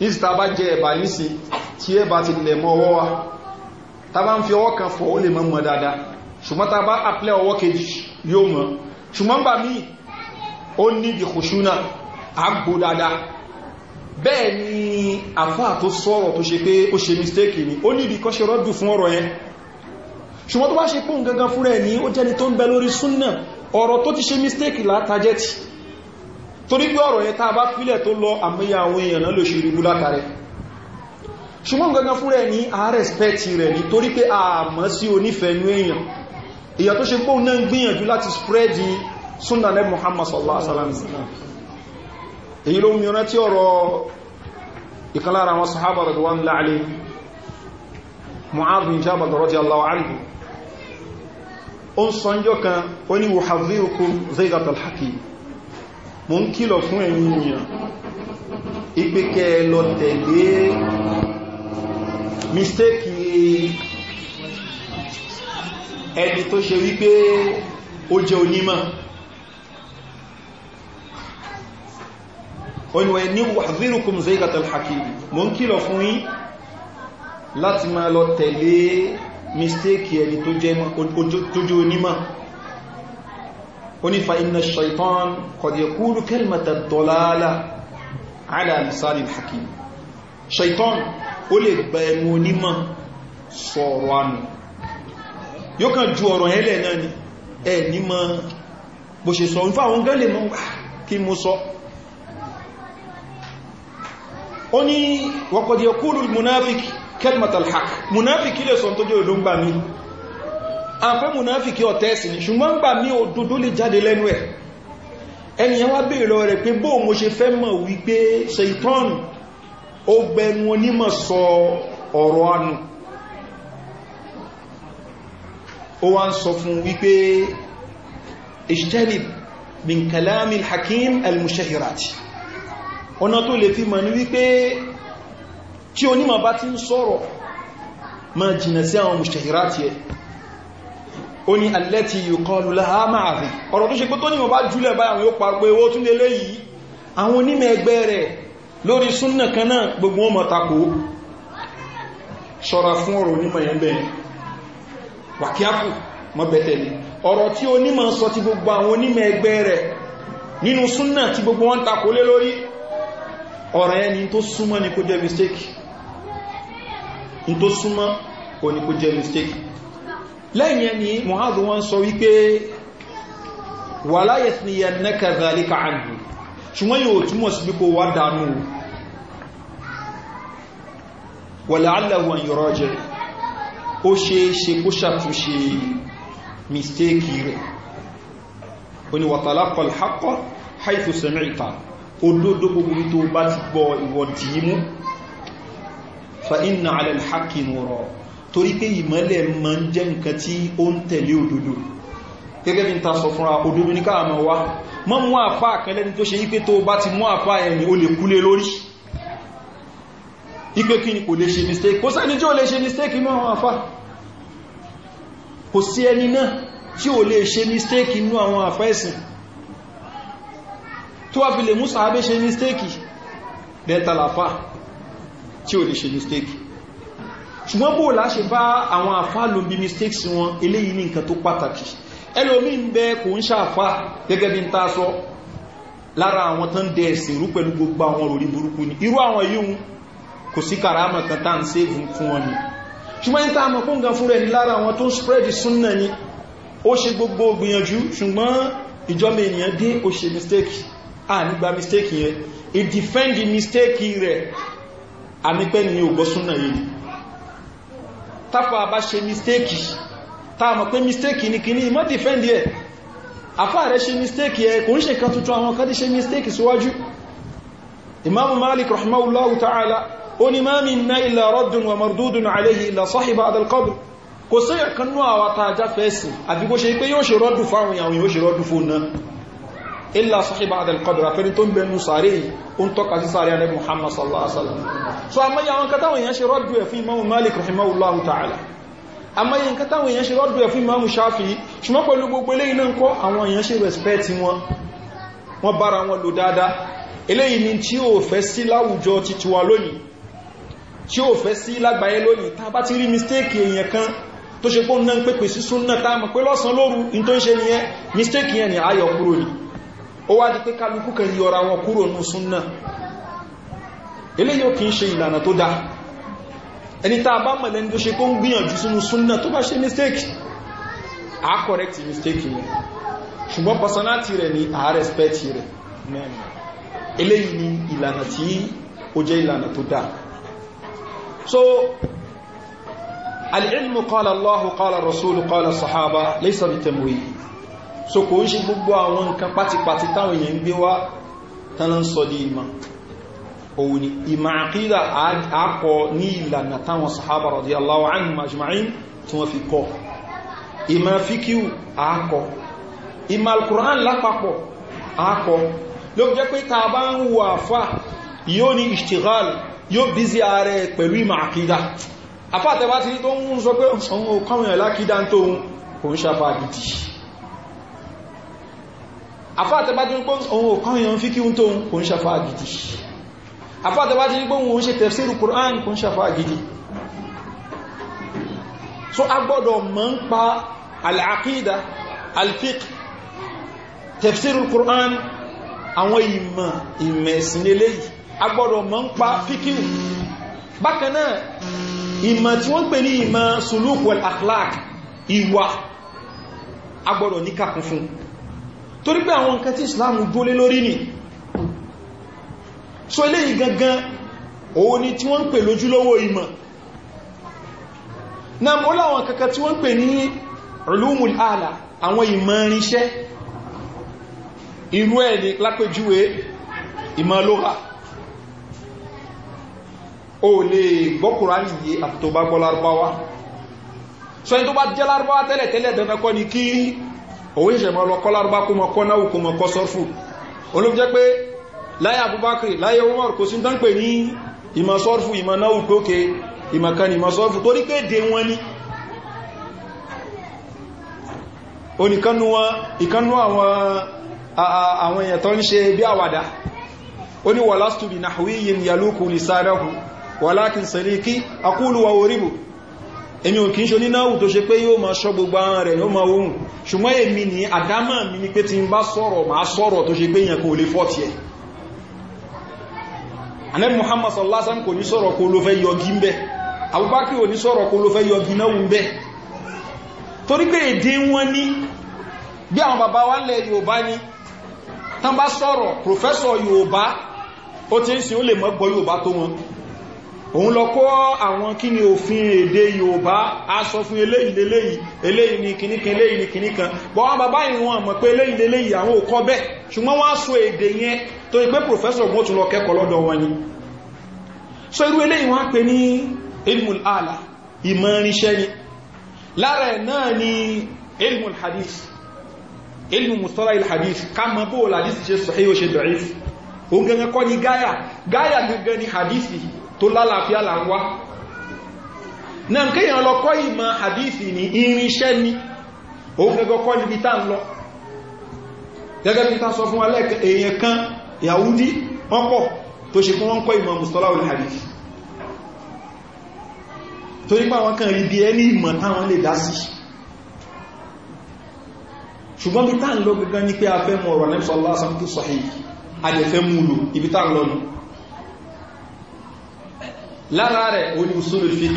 Speaker 1: nísìta bá jẹ ẹ̀bà nísì tí ẹ̀bà ti lẹ̀ mọ́ ọwọ́ wa ta bá ń fi ọwọ́ kan fọ ó lè mọ́ mọ́ dáadáa ṣùgbọ́n ṣùgbọ́n tó bá ṣe pún gangan fúnra ẹ̀ ní ó jẹ́ni tó ń bẹ lórí súnnà ọ̀rọ̀ tó ti ṣe mistake látàjẹ́tì torí pé ọ̀rọ̀ yẹn tàbá pílẹ̀ tó lọ àmìyà àwọn a respect rẹ̀ ní torí pé àmọ́ sí onífẹ̀ẹ́nú èèyàn Muhammad sallallahu alaihi wasallam èyí ló mú yọrá tí ọ̀rọ̀ ìkan lára àwọn sahaba radwan láàrin Mu'adh bin Jabal radiyallahu ó ń sọ́njọ́ kan ó ní wùhàzírùkún zaizatul haki mo ń kílọ̀ fún ẹ̀yin èèyàn ìpẹ́kẹ́ lọ tẹ̀lé mistéèkì ẹni tó ṣe wípé ó jẹ́ onímọ̀ ó ní wọ́n ní wùhàzírùkún zaizatul haki mo ń kílọ̀ fún yín láti máa lọ tẹ̀lé mistake ẹni tó jẹ́ tójú onímọ̀ onífa inna shaitan qad yaqulu kalimata dalala ala misali hakim shaitan ó lè gba ẹnu onímọ̀ sọ̀rọ̀ ànù yóò kàn ju ọ̀rọ̀ ẹlẹ̀ náà ni ẹ ní mọ́ bó ṣe sọ nífà àwọn gẹ́lẹ̀ mọ́ ah, kí mo sọ ó ní wa qad munafiki kẹlmọ̀tàl haq munafiki lè sọ tó jẹ́ òdó ń gbà mí àfẹ́ munafiki ọ̀tẹ́ sí ni ṣùgbọ́n gbà mí òdòdó lè jáde lẹ́nu ẹ̀ ẹniyàn wá bèèrè lọ rẹ̀ pé bó mo ṣe fẹ́ mọ̀ wípé ṣeitọ́nù ó gbẹnu onímọ̀ sọ ọ̀rọ̀ anù ó wá ń sọ fún wípé ìṣtẹ́lì bin kalamil hakim al-mushahirat ọ̀nà tó lè fi mọ̀ ní wípé tí onímọ̀ bá ti ń sọ̀rọ̀ ma jìnà sí àwọn mùsùlùmí ẹ̀ ó ní alẹ́tí yíkọlù láhá máa rí ọ̀rọ̀ tó ṣe pé tó nímọ̀ bá jùlẹ̀ báyàwó yóò pàgbé owó tún lélé yìí àwọn onímọ̀ ẹgbẹ́ rẹ̀ lórí súnnà kan náà gbogbo wọn mọ̀tàkó ṣọ́ra fún ọ̀rọ̀ onímọ̀ yẹn bẹ̀rẹ̀ wàkíákù mọ́ sọ ti gbogbo àwọn onímọ̀ ẹgbẹ́ rẹ̀ nínú súnnà tí gbogbo wọn takò lé lórí ọ̀rọ̀ ẹni tó súnmọ́ ni kó jẹ́ mistake ní tó súnmọ́ kò ní kó jẹ́ mistake lẹ́yìn ẹni mohadu wọ́n sọ wípé wà láyé ní ẹnẹ́kẹ́ zalika àgbù ṣùgbọ́n yóò túnmọ̀ sí pípò wá dánú wàlá aláwọn yọrọ jẹ́ ó ṣe ṣe kó ṣàtúnṣe mistake rẹ̀ ó ni wàtàlá kọlhakọ́ haithu sami'ta ododo gbogbo tó bá ti gbọ́ ìwọ̀dìí mú fa inna ala alhaqi nura torí pé ìmọ́lẹ̀ ma ń jẹ́ nǹkan tí ó ń tẹ̀lé òdodo gẹ́gẹ́ bí n ta sọ fúnra òdodo ní káàmà wá mọ́ mú àpá àkẹlẹ́ni tó ṣe wípé tó bá ti mú àpá ẹni ó lè kúlé lórí ipé kí ni kò lè ṣe mistake kò sẹ́ni tí ó lè ṣe mistake inú àwọn àfá kò sí ẹni náà tí ó lè mistake inú àwọn àfá ẹ̀sìn tó wá fi lè mú sàábé ṣe mistake bẹ́ẹ̀ tàlàfà tí ò ní ṣe mistake ṣùgbọ́n bó láṣe bá àwọn àfá ló ń bí mistakes wọn eléyìí ní nǹkan tó pàtàkì ẹlòmí ń bẹ kò ń ṣàfá gẹ́gẹ́ bí ń ta sọ lára àwọn tán dẹ ẹ̀sìn rú pẹ̀lú gbogbo àwọn òrí burúkú ni irú àwọn yíhun kò sí kàrámà kan tá ń sèvùn fún wọn ni ṣùgbọ́n ní táàmà kó ń gan fúnra ẹni lára àwọn tó ń spread súnnà ni ó ṣe gbogbo gbìyànjú ṣùgbọ́n ìjọba ènìyàn dé ó ṣe mistake à nígbà mistake yẹn it defend the mistake rẹ̀ àmìpẹ́ ni ò gbọ́ súnà yìí tápọ̀ àbá ṣe mistake táàmọ̀ pé mistake ní kìíní ìmọ́ defend ẹ̀ àfáà rẹ̀ ṣe mistake ẹ̀ kò ń ṣe kan tuntun àwọn kan ṣe mistake síwájú imam malik rahimahullahu ta'ala ó ní ma minna illa raddun wa mardudun alayhi illa sahiba hadha al-qabr kò sí ẹ̀kan náà àwọn tààjá fẹ́ẹ̀sì àbí kó pé yóò ṣe rọ́dù fáwọn ìyàwó yóò ṣe rọ́dù fóun náà illa sahiba adal qadra fẹ́ni tó ń bẹnu sàárè ó ń tọ́ka sí sàárè anẹ́bù muhammad sallallahu alaihi wasallam so a mayi àwọn katáwọn èèyàn ṣe rọ́dù ẹ̀ fún imamu malik rahimahullahu ta'ala a mayi àwọn katáwọn èèyàn ṣe rọ́dù ẹ̀ fún imamu shafi ṣùgbọ́n pẹ̀lú gbogbo eléyìí náà kọ́ àwọn èèyàn ṣe respect wọn wọ́n bára wọn lò dáadáa eléyìí ni tí ó fẹ́ sí láwùjọ lágbàáyé lónìí tá bá ti rí mistake èèyàn kan tó ṣe pọ́n náà pépè sí súnnà táàmù pé lọ́sàn lóru in tó ń ṣe nìyẹn mistake yẹn ni ayọ̀ kúrò ní ó wá di pé kálukú kan yọra wọn kúrò ní súnnà eléyìí ò kí ń ṣe ìlànà tó dáa ẹni tàà bá mọ̀ lẹ́ni tó ṣe kó ń gbìyànjú sínú súnnà tó bá ṣe mistake a correct mistake yẹn ṣùgbọ́n personality rẹ̀ ni a respect rẹ̀ mẹ́rin eléyìí ni ìlànà tí ó jẹ́ ìlànà tó dáa so al-ilmu Allahu qala rasulu qala sahaba laysa bitamwi so kò ń ṣe gbogbo àwọn nǹkan pátipàti táwọn èèyàn ń gbé wá tánà ń sọ di ìmọ̀ òun ni ìmọ̀ àkídà àkọ ní ìlànà táwọn sahaba radiyallahu anhum ajma'in tí wọ́n fi kọ́ ìmọ̀ fíkíù àkọ ìmọ̀ alkùrán lápapọ̀ àkọ ló jẹ́ pé ta bá ń wo àfá yóò ní ishtighal yóò bízi ààrẹ pẹ̀lú ìmọ̀ àkídà àfá àtẹ́wá ti ní tó ń sọ pé òun ò kọ́wọ̀n lákídà tó ń kò ń ṣàfà gidi àfáàtẹ́bájú ń pọ́ ohun ọ̀kan èèyàn fi kí ń tó kò ń ṣàfà gidi àfáàtẹ́bájú ń pọ́ ohun ṣe so a gbọ́dọ̀ mọ̀ ń pa al'aqida alfiq tẹ̀fsíru Qur'an àwọn ìmọ̀ ìmẹ̀sìnlélé yìí a gbọ́dọ̀ mọ̀ ń pa fíkíù bákanáà ìmọ̀ tí wọ́n pè ní ìmọ̀ suluk wal akhlaq ìwà a gbọ́dọ̀ níkàkùn fún torí pé àwọn nǹkan tí islam gbólé lórí ni so eléyìí gangan òun ni tí wọ́n ń pè lójúlówó ìmọ̀ na mọ́ láwọn kankan tí wọ́n ń pè ní ulumul ala àwọn ìmọ̀rinṣẹ́ irú ẹ̀ ní lápẹjúwé ìmọ̀ lóha o lè gbọ́ Kùránì yé so ẹni tó bá jẹ́ lárúbáwá tẹ́lẹ̀tẹ́lẹ̀ dandan kọ́ ni kí òun ìṣẹ̀ máa lọ kọ́ lárúbá kó mọ̀ kọ́ náà kó mọ̀ kọ́ sọ́rfù olóòfin jẹ́ pé láyé abubakar láyé umar kò sí ń dánpẹ̀ ní ìmọ̀ sọ́rfù ìmọ̀ náà gbókè ìmọ̀ kan ìmọ̀ sọ́rfù torí pé dé wọn ní oníkanú àwọn èèyàn tó ń ṣe bí èmi ò kí ń ṣe onínáwù tó ṣe pé yóò ma ṣọ́ gbogbo ara rẹ̀ yóò ma ohun ṣùgbọ́n èmi ní àdámà mi ni pé tí ń bá ma a tó ṣe pé yẹn kò lè fọ́tí ẹ̀ anẹ́bì Muhammad sallásán kò ní sọ̀rọ̀ kó ló fẹ́ yọgí ń bẹ́ Abubakar ò ní sọ̀rọ̀ kó ló fẹ́ yọgí náà ń bẹ́ torí òun lọ kó àwọn kí ni òfin èdè Yorùbá aṣọ fún eléyìí léléyìí eléyìí ni kìníkan eléyìí ni kìníkan bọ́ wọn bàbá yìí wọn mọ̀ pé eléyìí léléyìí àwọn ò kọ́ bẹ́ẹ̀ sọ èdè yẹn so irú eléyìí wọ́n pè ní ilmul ala ìmọ̀ irinṣẹ́ ni lára ẹ̀ náà ni ilmul hadith ilmu mustalah il hadith ká mọ̀ bó o hadith ṣe sahih ó ṣe da'if òun gangan kọ́ ni gáyà gáyà gangan ni hadith tó lálàáfíà là ń wá náà kéèyàn lọ kọ́ ìmọ̀ hadithi ní irinṣẹ́ ni òun fẹ́ gọ́kọ́ níbi tá ń lọ gẹ́gẹ́ bí ta sọ fún alẹ́ èèyàn kan yahudi ọkọ̀ tó ṣe fún wọ́n kọ́ ìmọ̀ mustola hadithi tó nípa wọn kan rí bí ẹni ìmọ̀ táwọn lè dá sí ṣùgbọ́n bí tá ń lọ gẹ́gẹ́ ní pé lára rẹ̀ o ní usulul fíkì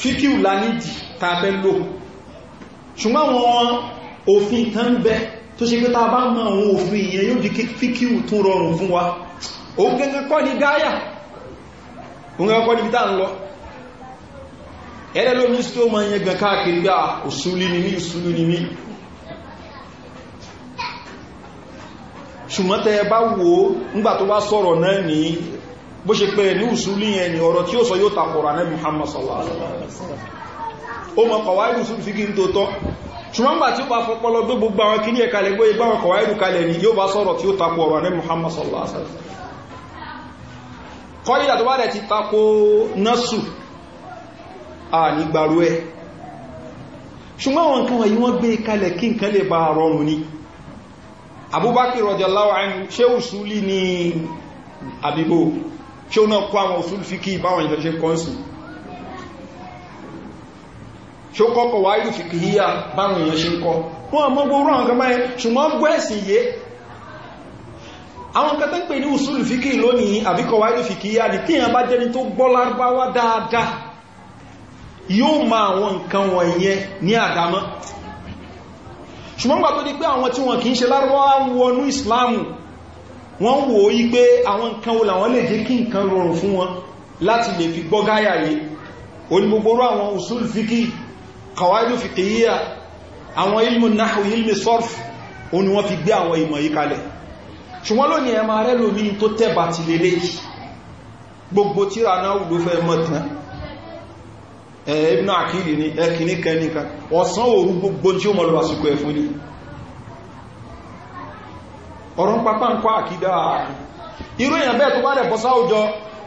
Speaker 1: fíkì ò lánídì tàbẹ́ lò ṣùgbọ́n wọn òfin kan bẹ tó ṣe pé ta bá mọ̀ àwọn òfin ìyẹn yóò di fíkì ò tún rọrùn fún wa o gẹ́gẹ́ kọ́ ní gáyà o gẹ́gẹ́ kọ́ ní bítà ń lọ ẹ̀rẹ́ lómi tí ó ma ń yẹ gan ni mí òsúlú ni mí ṣùgbọ́n tẹ́ bá wo nígbà tó bá sọ̀rọ̀ náà ní bó ṣe pẹ̀ ní ìṣúlí yẹn ni ọ̀rọ̀ tí ó sọ yóò takọ̀rọ̀ anẹ́ Muhammad sallallahu alaihi wasallam ó mọ̀ kọ̀wáìrù sún fi kí n tó tọ́ ṣùgbọ́n gbà tí ó bá fọpọlọ gbé gbogbo àwọn kí ní ẹ̀ka lè gbé ìbáwọn kọ̀wáìrù kalẹ̀ ni yóò bá sọ̀rọ̀ tí ó takọ̀rọ̀ anẹ́ Muhammad sallallahu alaihi wasallam kọ́ ìdàtọ̀ wádẹ̀ ti takò násù à ní ẹ̀ ṣùgbọ́n wọn kan wọ̀nyí wọ́n gbé kalẹ̀ kí nǹkan lè bá rọrùn ni Abubakar radiyallahu anhu ṣe usuli ni àbíbò ṣe ó náà kó àwọn òsùn fi kí ìbáwọn ìjọ ṣe kọ́nsù ṣe ó kọ́kọ̀ wá ìlú fi kí híyà báwọn èèyàn ṣe ń kọ́ wọ́n mọ́ gbogbo àwọn kan báyẹn ṣùgbọ́n gbọ́ ẹ̀sìn yé àwọn kan tó pè ní òsùn fi kí lónìí àbíkọ̀ wá ìlú fi híyà ní tíyàn bá jẹ́ni tó gbọ́ lárúbáwá dáadáa wọ́n wò ó yí pé àwọn nǹkan wo làwọn lè jẹ́ kí nǹkan rọrùn fún wọn láti lè fi gbọ́gáyà yìí onígbogbo àwọn usul fiki kawaidu fiqhiyya àwọn ilmu nahwu ilmi sorf oní wọ́n fi gbé àwọn ìmọ̀ yìí kalẹ̀ ṣùgbọ́n lónìí ẹmà rẹ̀ lómi tó ni ẹkìní kẹnika ọ̀sán òru gbogbo tí ó mọ̀ ọ̀rọ̀ pápá ń kọ́ àkídá irú ya bẹ́ẹ̀ tó bá rẹ̀ bọ́sá na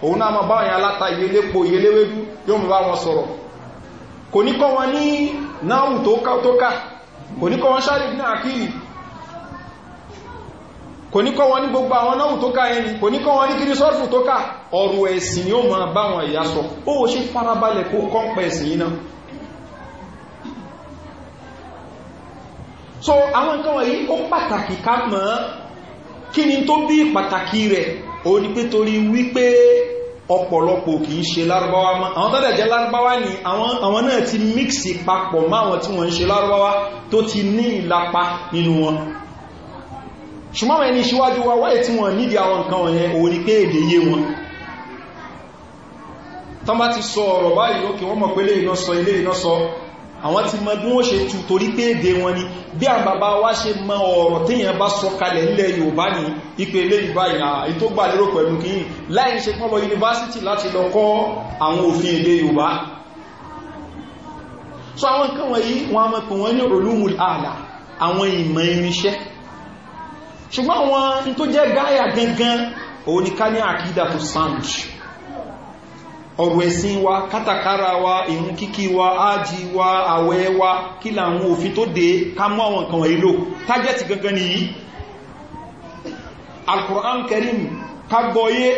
Speaker 1: òun náà ma bá òyìn aláta ìyelépo ìyeléwédú yóò mú bá wọn sọ̀rọ̀ kò ní kọ́ wọn ní náàwù tó ká kò ní kọ́ wọn sáré ní àkíyì kò wọn ní gbogbo àwọn náàwù tó ká ẹni kò ní kọ́ wọn ní kiri sọ́rfù tó ká ẹ̀sìn yóò máa bá sọ ó ṣe farabalẹ̀ kó ẹ̀sìn yìí náà so àwọn nǹkan wọ̀nyí ó pàtàkì ká mọ́ kí ni tó bí pàtàkì rẹ̀ o ní pé torí wípé ọ̀pọ̀lọpọ̀ kìí ṣe lárúbáwá mọ́ àwọn tọ́dẹ̀ jẹ́ lárúbáwá ni àwọn náà ti mixi papọ̀ máwọn tí wọ́n ń ṣe lárúbáwá tó ti ní ìlapa nínú wọn ṣùgbọ́n ẹni ṣíwájú wa wáyé tí wọ́n nídi àwọn nǹkan wọ̀nyẹn òun ni pé èdè yé wọn tán bá ti sọ ọ̀rọ̀ báyìí lókè àwọn ti mọ bí wọ́n ṣe tu torí pé èdè wọn ni bí àwọn bàbá wa ṣe mọ ọ̀rọ̀ téèyàn bá sọ kalẹ̀ nílẹ̀ yorùbá ní ipe ilé ìbá ìhà ètò gbà lérò pẹ̀lú kìí láì ṣe pọ́n yunifásitì láti lọ kọ́ àwọn òfin èdè yorùbá so àwọn nǹkan wọ̀nyí wọn a mọ̀ pé wọ́n ní olúmul àlà àwọn ìmọ̀ irinṣẹ́ ṣùgbọ́n àwọn tó jẹ́ gáyà gangan ọ̀rọ̀ ẹ̀sìn wa kátàkárà wa ìrun kíkí wa ájì wa àwẹ̀ wa kí làwọn òfin tó dé ká mú àwọn nǹkan wọ̀nyí lò tájẹ́tì gangan nìyí alkùrán kẹrin ká gbọ́yé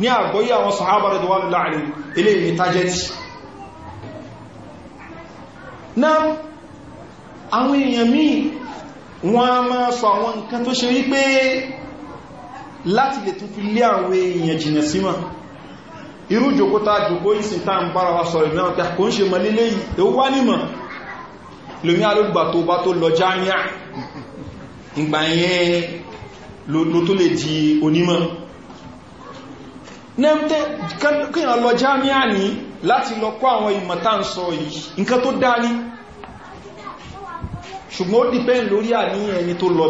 Speaker 1: ní àgbọ́yé àwọn sàhábà rẹ̀ wà láàrin ilé láti lè tún fi lé àwọn èèyàn jìnà símọ̀ irú jòkótá jòkó ìsìn tá ń bára wa sọ̀rọ̀ ìmìnà tí a kò ń ṣe mọ̀ nílé yìí tó wá nímọ̀ lómi alógbà tó bá tó lọ járíà ìgbà yẹn ló tó lè di onímọ̀ nẹ́mtẹ́ kíyàn lọ járíà ní láti lọ kọ́ àwọn ìmọ̀ tá ń sọ yìí nǹkan tó dá ní ṣùgbọ́n ó dìpẹ́ lórí àníyàn ẹni tó lọ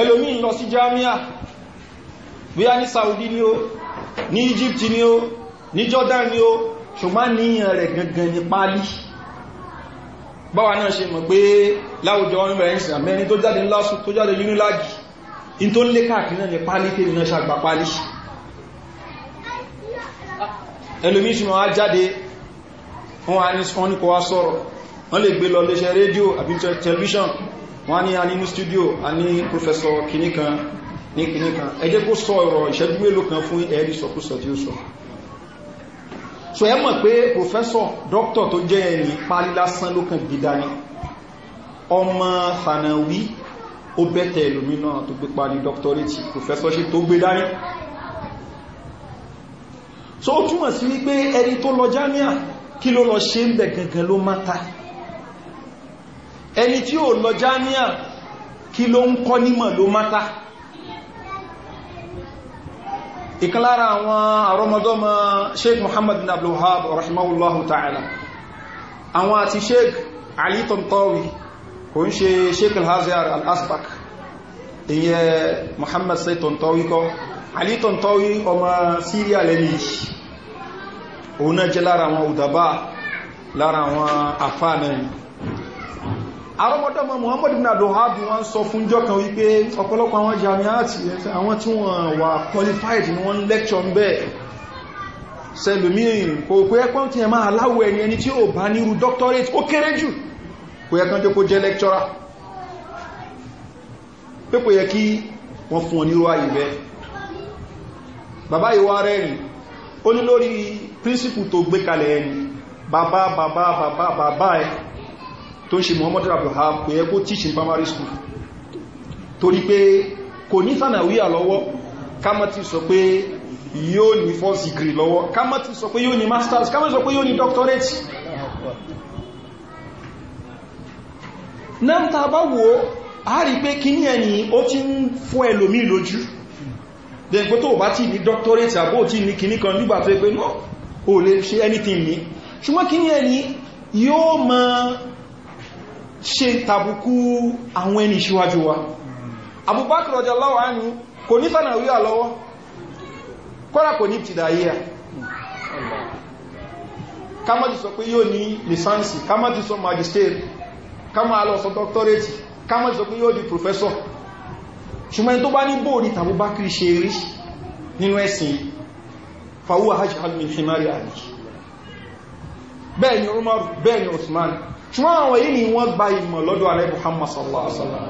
Speaker 1: ẹlòmí lọ sí járíà bóyá ní Saudi ni ó ní Egypt ni ó ní Jordan ni ó ṣùgbọ́n níyàn rẹ̀ gangan ní pálí báwa náà ṣe mọ̀ pé láwùjọ wọn bẹ̀rẹ̀ ìsìn àmẹ́rin tó jáde lásù tó jáde unilag in tó lé káàkiri náà ní pálí tèmi náà ṣàgbà pálí ẹlòmí ṣùgbọ́n wá jáde wọn a ní sọ́ní kọwa sọ̀rọ̀ wọ́n lè gbé lọ léṣẹ́ rédíò àbí tẹlifíṣàn wọ́n a ní a nínú stúdíò a ní professor kìníkan ní kìíní kan ẹ jẹ́ kó sọ ọ̀rọ̀ ìṣẹ́jú mélòó kan fún ẹ̀rí sọkúsọ tí ó sọ so ẹ mọ̀ pé professor doctor tó jẹ́ ẹni pálí lásán ló kàn gbìdá ni ọmọ fanawi ó bẹ́tẹ̀ ìlúmí náà tó gbé pálí doctorate professorship tó gbé dání so ó túmọ̀ sí wípé ẹni tó lọ jámíà kí ló lọ ṣe ń bẹ̀ gangan ló mátà ẹni tí ó lọ jámíà kí ló ń kọ́ nímọ̀ ló mátà ìkan lára àwọn àrọmọdọ́mọ sheikh muhammad bin abdul wahab rahimahullahu ta'ala àwọn àti sheikh ali tantawi kò ń ṣe sheikh al-hazar al-asbak ìyẹ muhammad sai tantawi kọ ali tantawi ọmọ syria lẹ́ni òun náà jẹ́ lára àwọn òdàbá lára àwọn àfáà àrọ́mọdọ́mọ Muhammad ibn Abdulwahab wọ́n sọ fún jọ́kan wípé ọ̀pọ̀lọpọ̀ àwọn jamiati àwọn tí wọ́n wà qualified ni wọ́n lecture ń bẹ́ẹ̀ sẹlùmíìn kò kò ẹkọ́ tí ẹ máa aláwọ̀ ẹni ẹni tí ó bá nírú doctorate ó kéré jù kò ẹkọ́ tí kó jẹ́ lecturer pé kò yẹ kí wọ́n fún onírú ayé bẹ́ bàbá ìwà rẹ̀ rìn tó ń ṣe Muhammad Abdullahi kò yẹ kó teach in primary school torí pé kò ní sànàwíyà lọ́wọ́ kámọ́tí sọ pé yóò ní first degree lọ́wọ́ kámọ́tí sọ pé yóò ní masters kamati sọ pé yóò ní doctorate náà ta bá wo a rí pé kí ní ẹni ó ti ń fún ẹlòmí lójú dẹ̀ pé tó bá ti ní doctorate àbó tí ní kìní kan nígbà tó pé náà ò lè ṣe anything ní ṣùgbọ́n kí ní ẹni yóò máa ṣe tàbùkú àwọn ẹni ṣíwájú wa Abubakar radiyallahu anhu kò ní fànàwíyà lọ́wọ́ kọ́rà kò ní tìdàíyà ká má ti sọ pé yóò ní lisansi ká má sọ magistrate doctorate sọ pé di professor ṣùgbọ́n tó bá ní bóòrí tàbí ṣe rí nínú ẹ̀sìn ṣùgbọ́n àwọn yìí ni wọ́n gba ìmọ̀ lọ́dọ̀ alẹ́ Muhammad sallallahu alaihi wasallam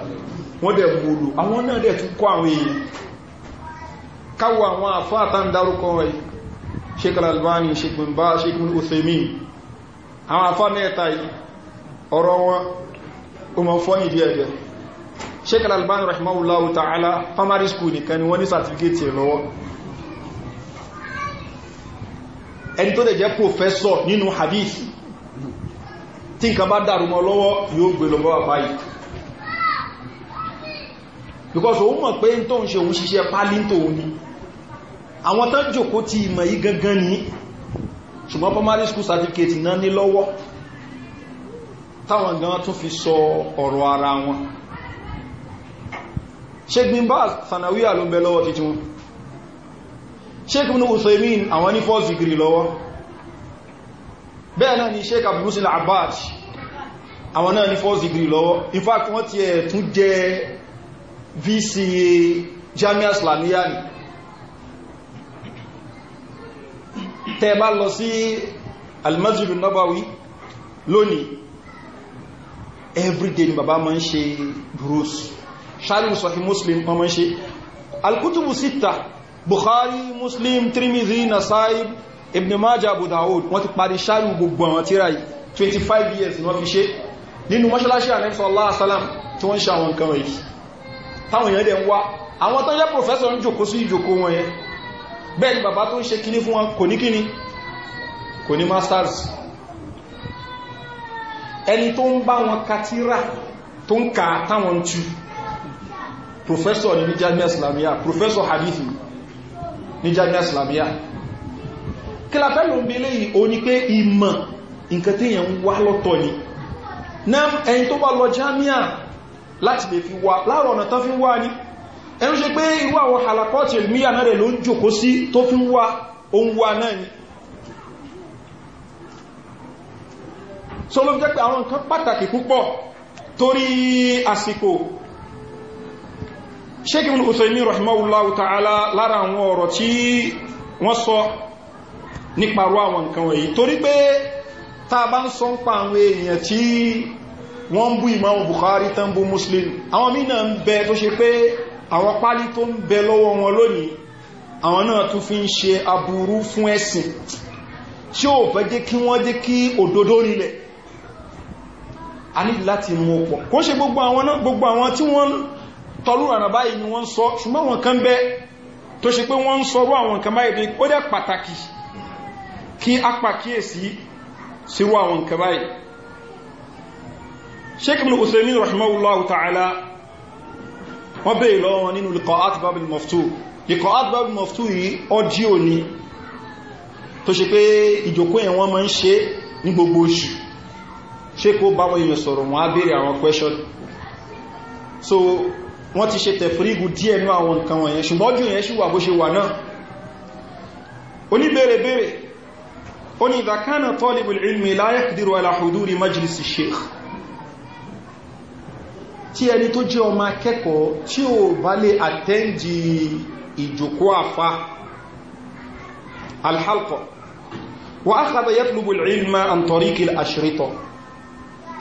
Speaker 1: wọ́n dẹ̀ wòlò àwọn náà dẹ̀ tún kọ́ àwọn èèyàn káwọ àwọn àfáà tán dárúkọ rẹ̀ Sheikh Al-Albani Sheikh Bin Baz Sheikh Al-Uthaymeen àwọn àfáà mẹ́ta yìí ọ̀rọ̀ wọn o mọ̀ fọ́ ìdí ẹ̀dẹ̀ Sheikh Al-Albani rahimahullahu ta'ala primary school nìkan ni wọ́n ní certificate lọ́wọ́ ẹni tó dẹ̀ jẹ́ professor nínú hadith tí nǹkan bá dàrú mọ́ lọ́wọ́ yóò gbé lọ bọ́ bàbá because òun mọ̀ pé ń tóun ṣe òun ṣiṣẹ́ pálí tóun àwọn tán jòkó ti ìmọ̀ yìí gangan ní ṣùgbọ́n primary school certificate náà ní lọ́wọ́ táwọn gan tún fi sọ ọ̀rọ̀ ara wọn sheik bin baz sanawiya ló ń bẹ lọ́wọ́ títí wọn sheik bin àwọn ní first degree lọ́wọ́ bẹ́ẹ̀ náà ni sheik abdulmusin abad àwọn náà ní first degree lọ́wọ́ in fact wọ́n ti ẹ̀ tún jẹ vc jamia islamiyya ni tẹ́ bá lọ sí almasjidu nabawi lónìí everyday ni bàbá ma ń ṣe durus sharif sahih muslim ma ma ń ṣe alkutubu sita bukhari muslim tirmidhi nasai ibn majah abu dawud wọ́n ti parí ṣáàrù gbogbo àwọn tíra yìí 25 years ni wọ́n fi ṣe nínú mọ́ṣálásí àrẹ́sọ aláàsálàm tí wọ́n ń ṣe àwọn nǹkan wọ̀nyí táwọn èèyàn dẹ̀ ń wá àwọn to jẹ́ professor ń jòkó sí ìjòkó wọn yẹn bẹ́ẹ̀ ni bàbá to ń ṣe kíní fún wọn kò ní kíní kò ní masters ẹni tó ń bá wọn ka to tó ń ka táwọn tú professor ní jami'a islamiyya professor hadithi ní jami'a islamiyya kí la fẹ́ ló ń belé yìí o ní pé ìmọ̀ nǹkan tí èyàn ń wá lọ́tọ̀ ni náà ẹni tó bá lọ jámíà láti lè fi wá láàrọ̀ ọ̀nà tán fi wá ní ẹnu ṣe pé irú àwọn halakọ́tì ìlmíyà náà rẹ̀ ló ń jòkó sí tó fi wá ohun wá náà ni so ló jẹ́ pé àwọn nǹkan pàtàkì púpọ̀ torí àsìkò ṣékí ibn Uthaymin rahimahullahu ta'ala lára àwọn ọ̀rọ̀ tí wọ́n sọ níparú àwọn nǹkan wọ̀nyí torí pé tá a bá ń sọ ń pa àwọn èèyàn tí wọ́n ń bú Imam Bukhari tán bú Muslim àwọn mí náà ń bẹ tó ṣe pé àwọn pálí tó ń bẹ lọ́wọ́ wọn lónìí àwọn náà tún fi ń ṣe aburú fún ẹ̀sìn tí ó fẹ́ jẹ́ kí wọ́n jẹ́ kí òdodo nílẹ̀ tó ṣe pé wọ́n ń sọrú àwọn kan báyìí ó dẹ̀ pàtàkì kí a pàkíyèsí síwá àwọn nǹkan báyìí sheikh ibn usaimin rahimahullahu ta'ala wọ́n bèèrè lọ́wọ́ wọn nínú liqa'at babil maftu liqa'at babil maftu yìí ọdíò ni tó ṣe pé ìjòkó yẹn wọ́n máa ń ṣe ní gbogbo oṣù ṣe kó bá wọ́n èèyàn sọ̀rọ̀ wọ́n á bèèrè àwọn question so wọ́n ti ṣe tẹ̀frígù díẹ̀ ní àwọn nǹkan wọ̀nyẹn ṣùgbọ́n jù yẹn ṣì bó ṣe wà náà oníbèèrè oni idha kana talibul ilmi la yaqdiru ala huduri majlis sheikh tí ẹni tó jẹ́ ọmọ akẹ́kọ̀ọ́ tí ó bá lè àtẹ́ǹdì ìjòkó àfá alhalkọ̀ wa akhadha yatlubu al-ilma an tariq al-ashrita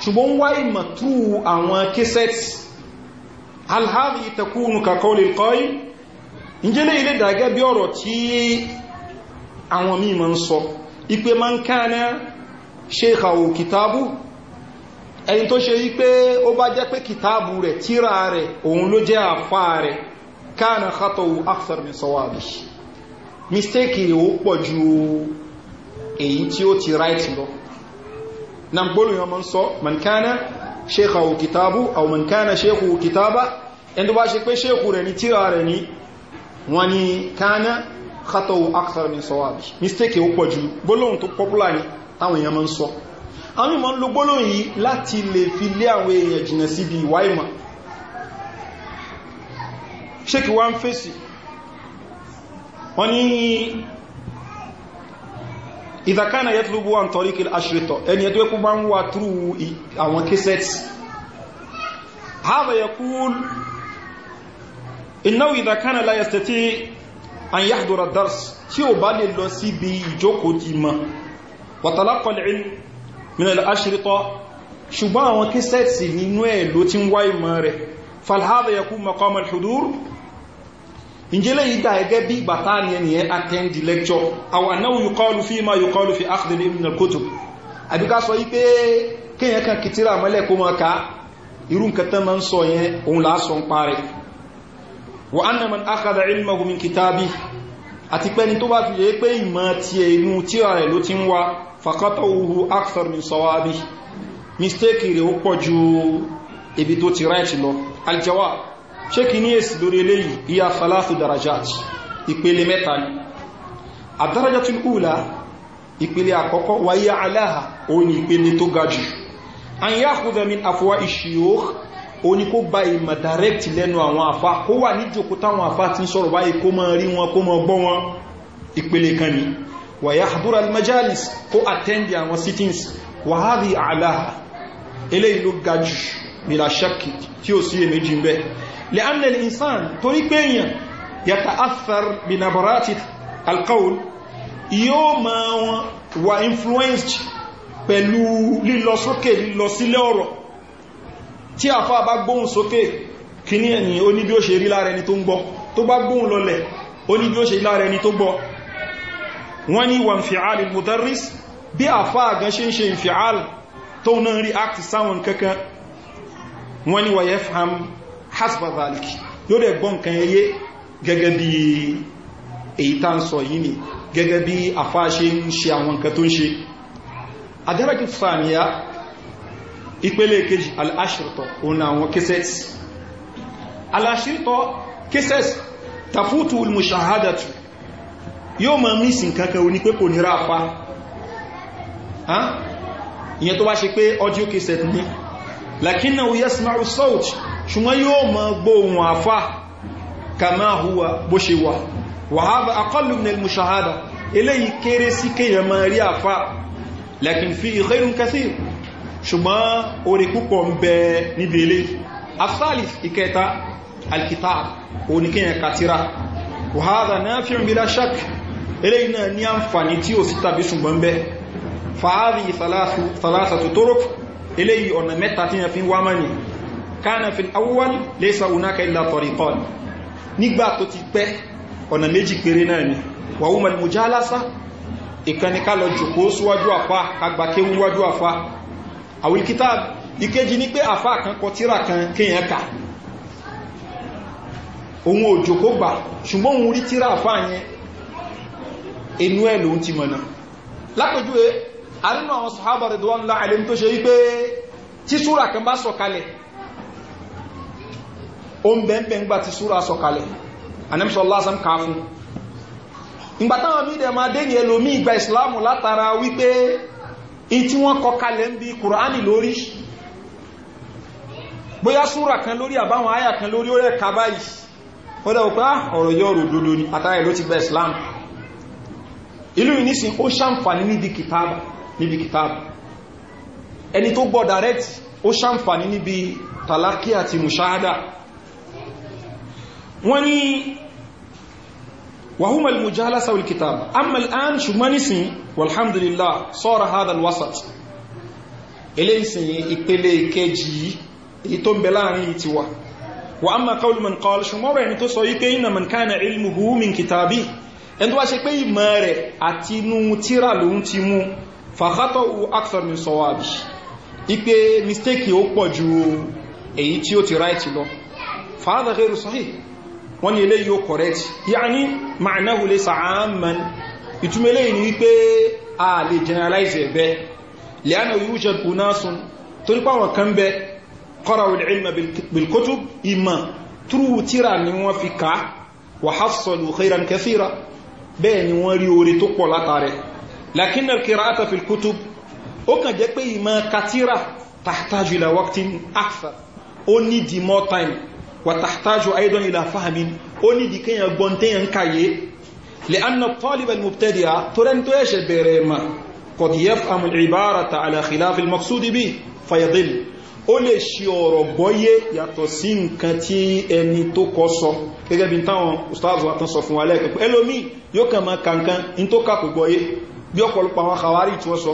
Speaker 1: ṣùgbọ́n wá ìmọ̀ tú àwọn kẹsẹ̀tì alhari takunu ka qawli al-qail ìjẹ́lẹ̀ ilé dàgẹ́ bí ọ̀rọ̀ tí àwọn mímọ̀ ń sọ so ipe ma ń kánà ṣeéhàwò kìtàbù ẹni tó ṣe wípé ó bá jẹ́ pé kìtàbù rẹ̀ tíra rẹ̀ òun ló jẹ́ àfá rẹ̀ kánà khatọ̀wò aksar min sọwábi mistake ó pọ̀ ju èyí tí ó ti right lọ na gbólùyàn ma ń sọ man kánà ṣeéhàwò kìtàbù àwọn man kánà ṣeéhàwò kìtàbà ẹni tó bá ṣe pé ṣeéhù rẹ̀ ní tíra rẹ̀ ní wọ́n ni kánà kátọ̀wò akthar min sawabi mistake ó pọ̀jù gbólóhùn tó popular ní táwọn èèyàn máa ń sọ àwọn ìmọ̀ ń lo gbólóhùn yìí láti lè fi lé àwọn èèyàn jìnà síbi ìwà ìmọ̀ ṣékì wá ń fèsì wọ́n ní ìdàkánà yẹ́ tulubu wa ń tọ́rí kí aṣírìtọ̀ ẹni ẹ̀ tó ẹkú bá ń wà túrù àwọn kẹsẹ̀tì هذا يقول an yahdura dars tí ó bá lè lọ síbi ìjókòó ti mọ̀ wàtàlákọ̀lẹ̀ minal ashirita ṣùgbọ́n àwọn kíṣẹ́ẹ̀tì nínú ẹ̀ ló ti ń wá ìmọ̀ rẹ̀ falhada yakú maqamal hudur ìjẹ́lẹ̀ ìdá ẹgẹ́ bí bàtà ní ẹniyẹn attend the lecture àwọn anáwò yukọlu fi ma yukọlu fi akhdil ibn al wa anna man akhadha ilmahu min kitabi àti pẹ́ni tó bá fi lè pé ìmọ̀ tí è inú tíra rẹ̀ ló ti ń wá fàkátọ̀ uhu akthar min sawabi mistake rẹ̀ ó pọ̀ ju ibi tó ti right lọ aljawa ṣé kí ní èsì lórí eléyìí iya falafu darajat ìpele mẹ́ta ni ad ula ìpele àkọ́kọ́ wáyé aláha òun ìpele tó ga jù an yakhudha min afwa ishiyukh o ní kó bá ìmọ̀ direct lẹ́nu àwọn àfá kó wà ní jòkó táwọn àfá ti ń sọ̀rọ̀ báyìí kó mọ́ rí wọn kó mọ́ gbọ́ wọn ìpele kan ni wà yá àdúrà majalis kó attend àwọn sittings wà á rí àláhà eléyìí ló ga jù nílà ṣẹ́kì tí ó sí èméjì ń bẹ́ lè amnel insan torí pé èèyàn yàtà afẹ́r binabarati alkaul yóò máa wà influenced pẹ̀lú lílọ sókè lílọ sílẹ̀ ọ̀rọ̀ tí àfá bá gbóhùn sókè kí ní ẹni ó ní bí ó ṣe rí lára ẹni tó ń gbọ́ tó bá gbóhùn lọlẹ̀ ó ní bí ó ṣe rí lára ẹni tó gbọ́ wọ́n ní wọ́n fi ààlì mudarris bí àfá àgán ṣe ń ṣe ìfì ààlì tó náà rí act sáwọn kankan wọ́n ní wọ́yẹ fam ìpele kejì al-ashirtọ̀ òun àwọn kẹsẹ̀tì al-ashirtọ̀ kẹsẹ̀tì tafutu al-mushahadatu yóò ma mísì kankan o ní pé kò ní ráfá ìyẹn tó bá ṣe pé audio cassette ní lakina o yasma'u sawt ṣùgbọ́n yóò ma gbóhùn àfá kama huwa bó ṣe wà wa hadha aqallu eléyìí kéré sí kéèyàn ma rí àfá lakin fi khayrun kathir ṣùgbọ́n orí púpọ̀ ń bẹ níbi ilé afsali ìkẹta alkitab oníkẹyàn katira wàhádà náà fi ń bí láṣák eléyìí náà ní àǹfàní tí ó sì tàbí ṣùgbọ́n bẹ fàáàrí ìsàlásàtò tórok eléyìí ọ̀nà mẹ́ta tí yẹn fi ń wá mọ́ni kánà fi awúwán lẹ́sà unaka ilá tọ̀rìkọ́n nígbà àwìl kitab ìkejì ní pé àfá kan kọ tíra kan kéèyàn kà òun òjò kó gbà ṣùgbọ́n òun rí tíra àfá yẹn inú ẹ̀ lòun ti mọ̀nà lápẹjúwe arínú àwọn sọ̀hábà rẹ̀ dọ́wọ́n lá àlẹ́m tó ṣe wípé tí súra kan bá sọ̀kalẹ̀ ó ń bẹ̀ẹ́ gbà tí súra sọ̀kalẹ̀ anẹ́mṣọ́ lásán ká fún ìgbàtàwọn mídẹ̀ máa dé ní ẹlòmí ìgbà ìsìlámù látara wípé ìtí wọ́n kọ kalẹ̀ ń bí kùránì lórí bóyá súra kan lórí àbáwọn àyà kan lórí orẹ́ kàbáyì ó dẹ̀ òpá ah, ọ̀rọ̀ yọ ọ̀rọ̀ òdodo ni àtàrà ló ti bẹ̀ Islam ìlú ìnísìn ó ṣàǹfàní níbi kìtàbà níbi kìtàbà ẹni tó gbọ́ direct ó ṣàǹfàní níbi tàlákí àti mùṣáhádà wọ́n ní وهما المجالسة والكتابة أما الآن شو ما نسي والحمد لله صار هذا الوسط إلينسي إبلي كيجي يتم بلاني يتوا وأما قول من قال شو ما يعني تصوي كإن من كان علمه من كتابي أنت واش يبي ماري أتينو تيرا لونتيمو فخطأوا أكثر من صوابي إبي ميستيكي أوبوجو أي تيو تيرايتي لو فهذا غير صحيح wọ́n ní eléyìí ó correct yàní ma'anahu lè sàámàn ìtumẹ̀ eléyìí ni wípé a lè generalize ẹ̀bẹ́ lẹ́yìn yóò ṣe kù náà sun torí pàwọn kan bẹ qara'u al-ilma bil-kutub ìmọ̀ túrú tíra ni wọ́n fi ká wa hafsalu khayran kathira bẹ́ẹ̀ ni ó ní di more time wàtàtàjò àìdán ilá fahmin ó ní dìkẹ́yàn gbọ́n tẹ́yàn káyé lè anna tọ́lìbà mubtadi'a tó rẹ̀ tó ẹ̀ṣẹ̀ bẹ̀rẹ̀ ma kọ̀dí yẹ́f àmìl ìbára ta aláhìláfil maksudi bí fayadil ó lè ṣe ọ̀rọ̀ gbọ́yé yàtọ̀ sí nǹkan tí ẹni tó kọ́ sọ gẹ́gẹ́ bí táwọn ustaz wa tán sọ fún wa lẹ́ẹ̀kẹ́ yóò kàn máa kankan in tó kàkò gbọ́yé bí ọ̀pọ̀lọpọ̀ àwọn àwárí tí wọ́n sọ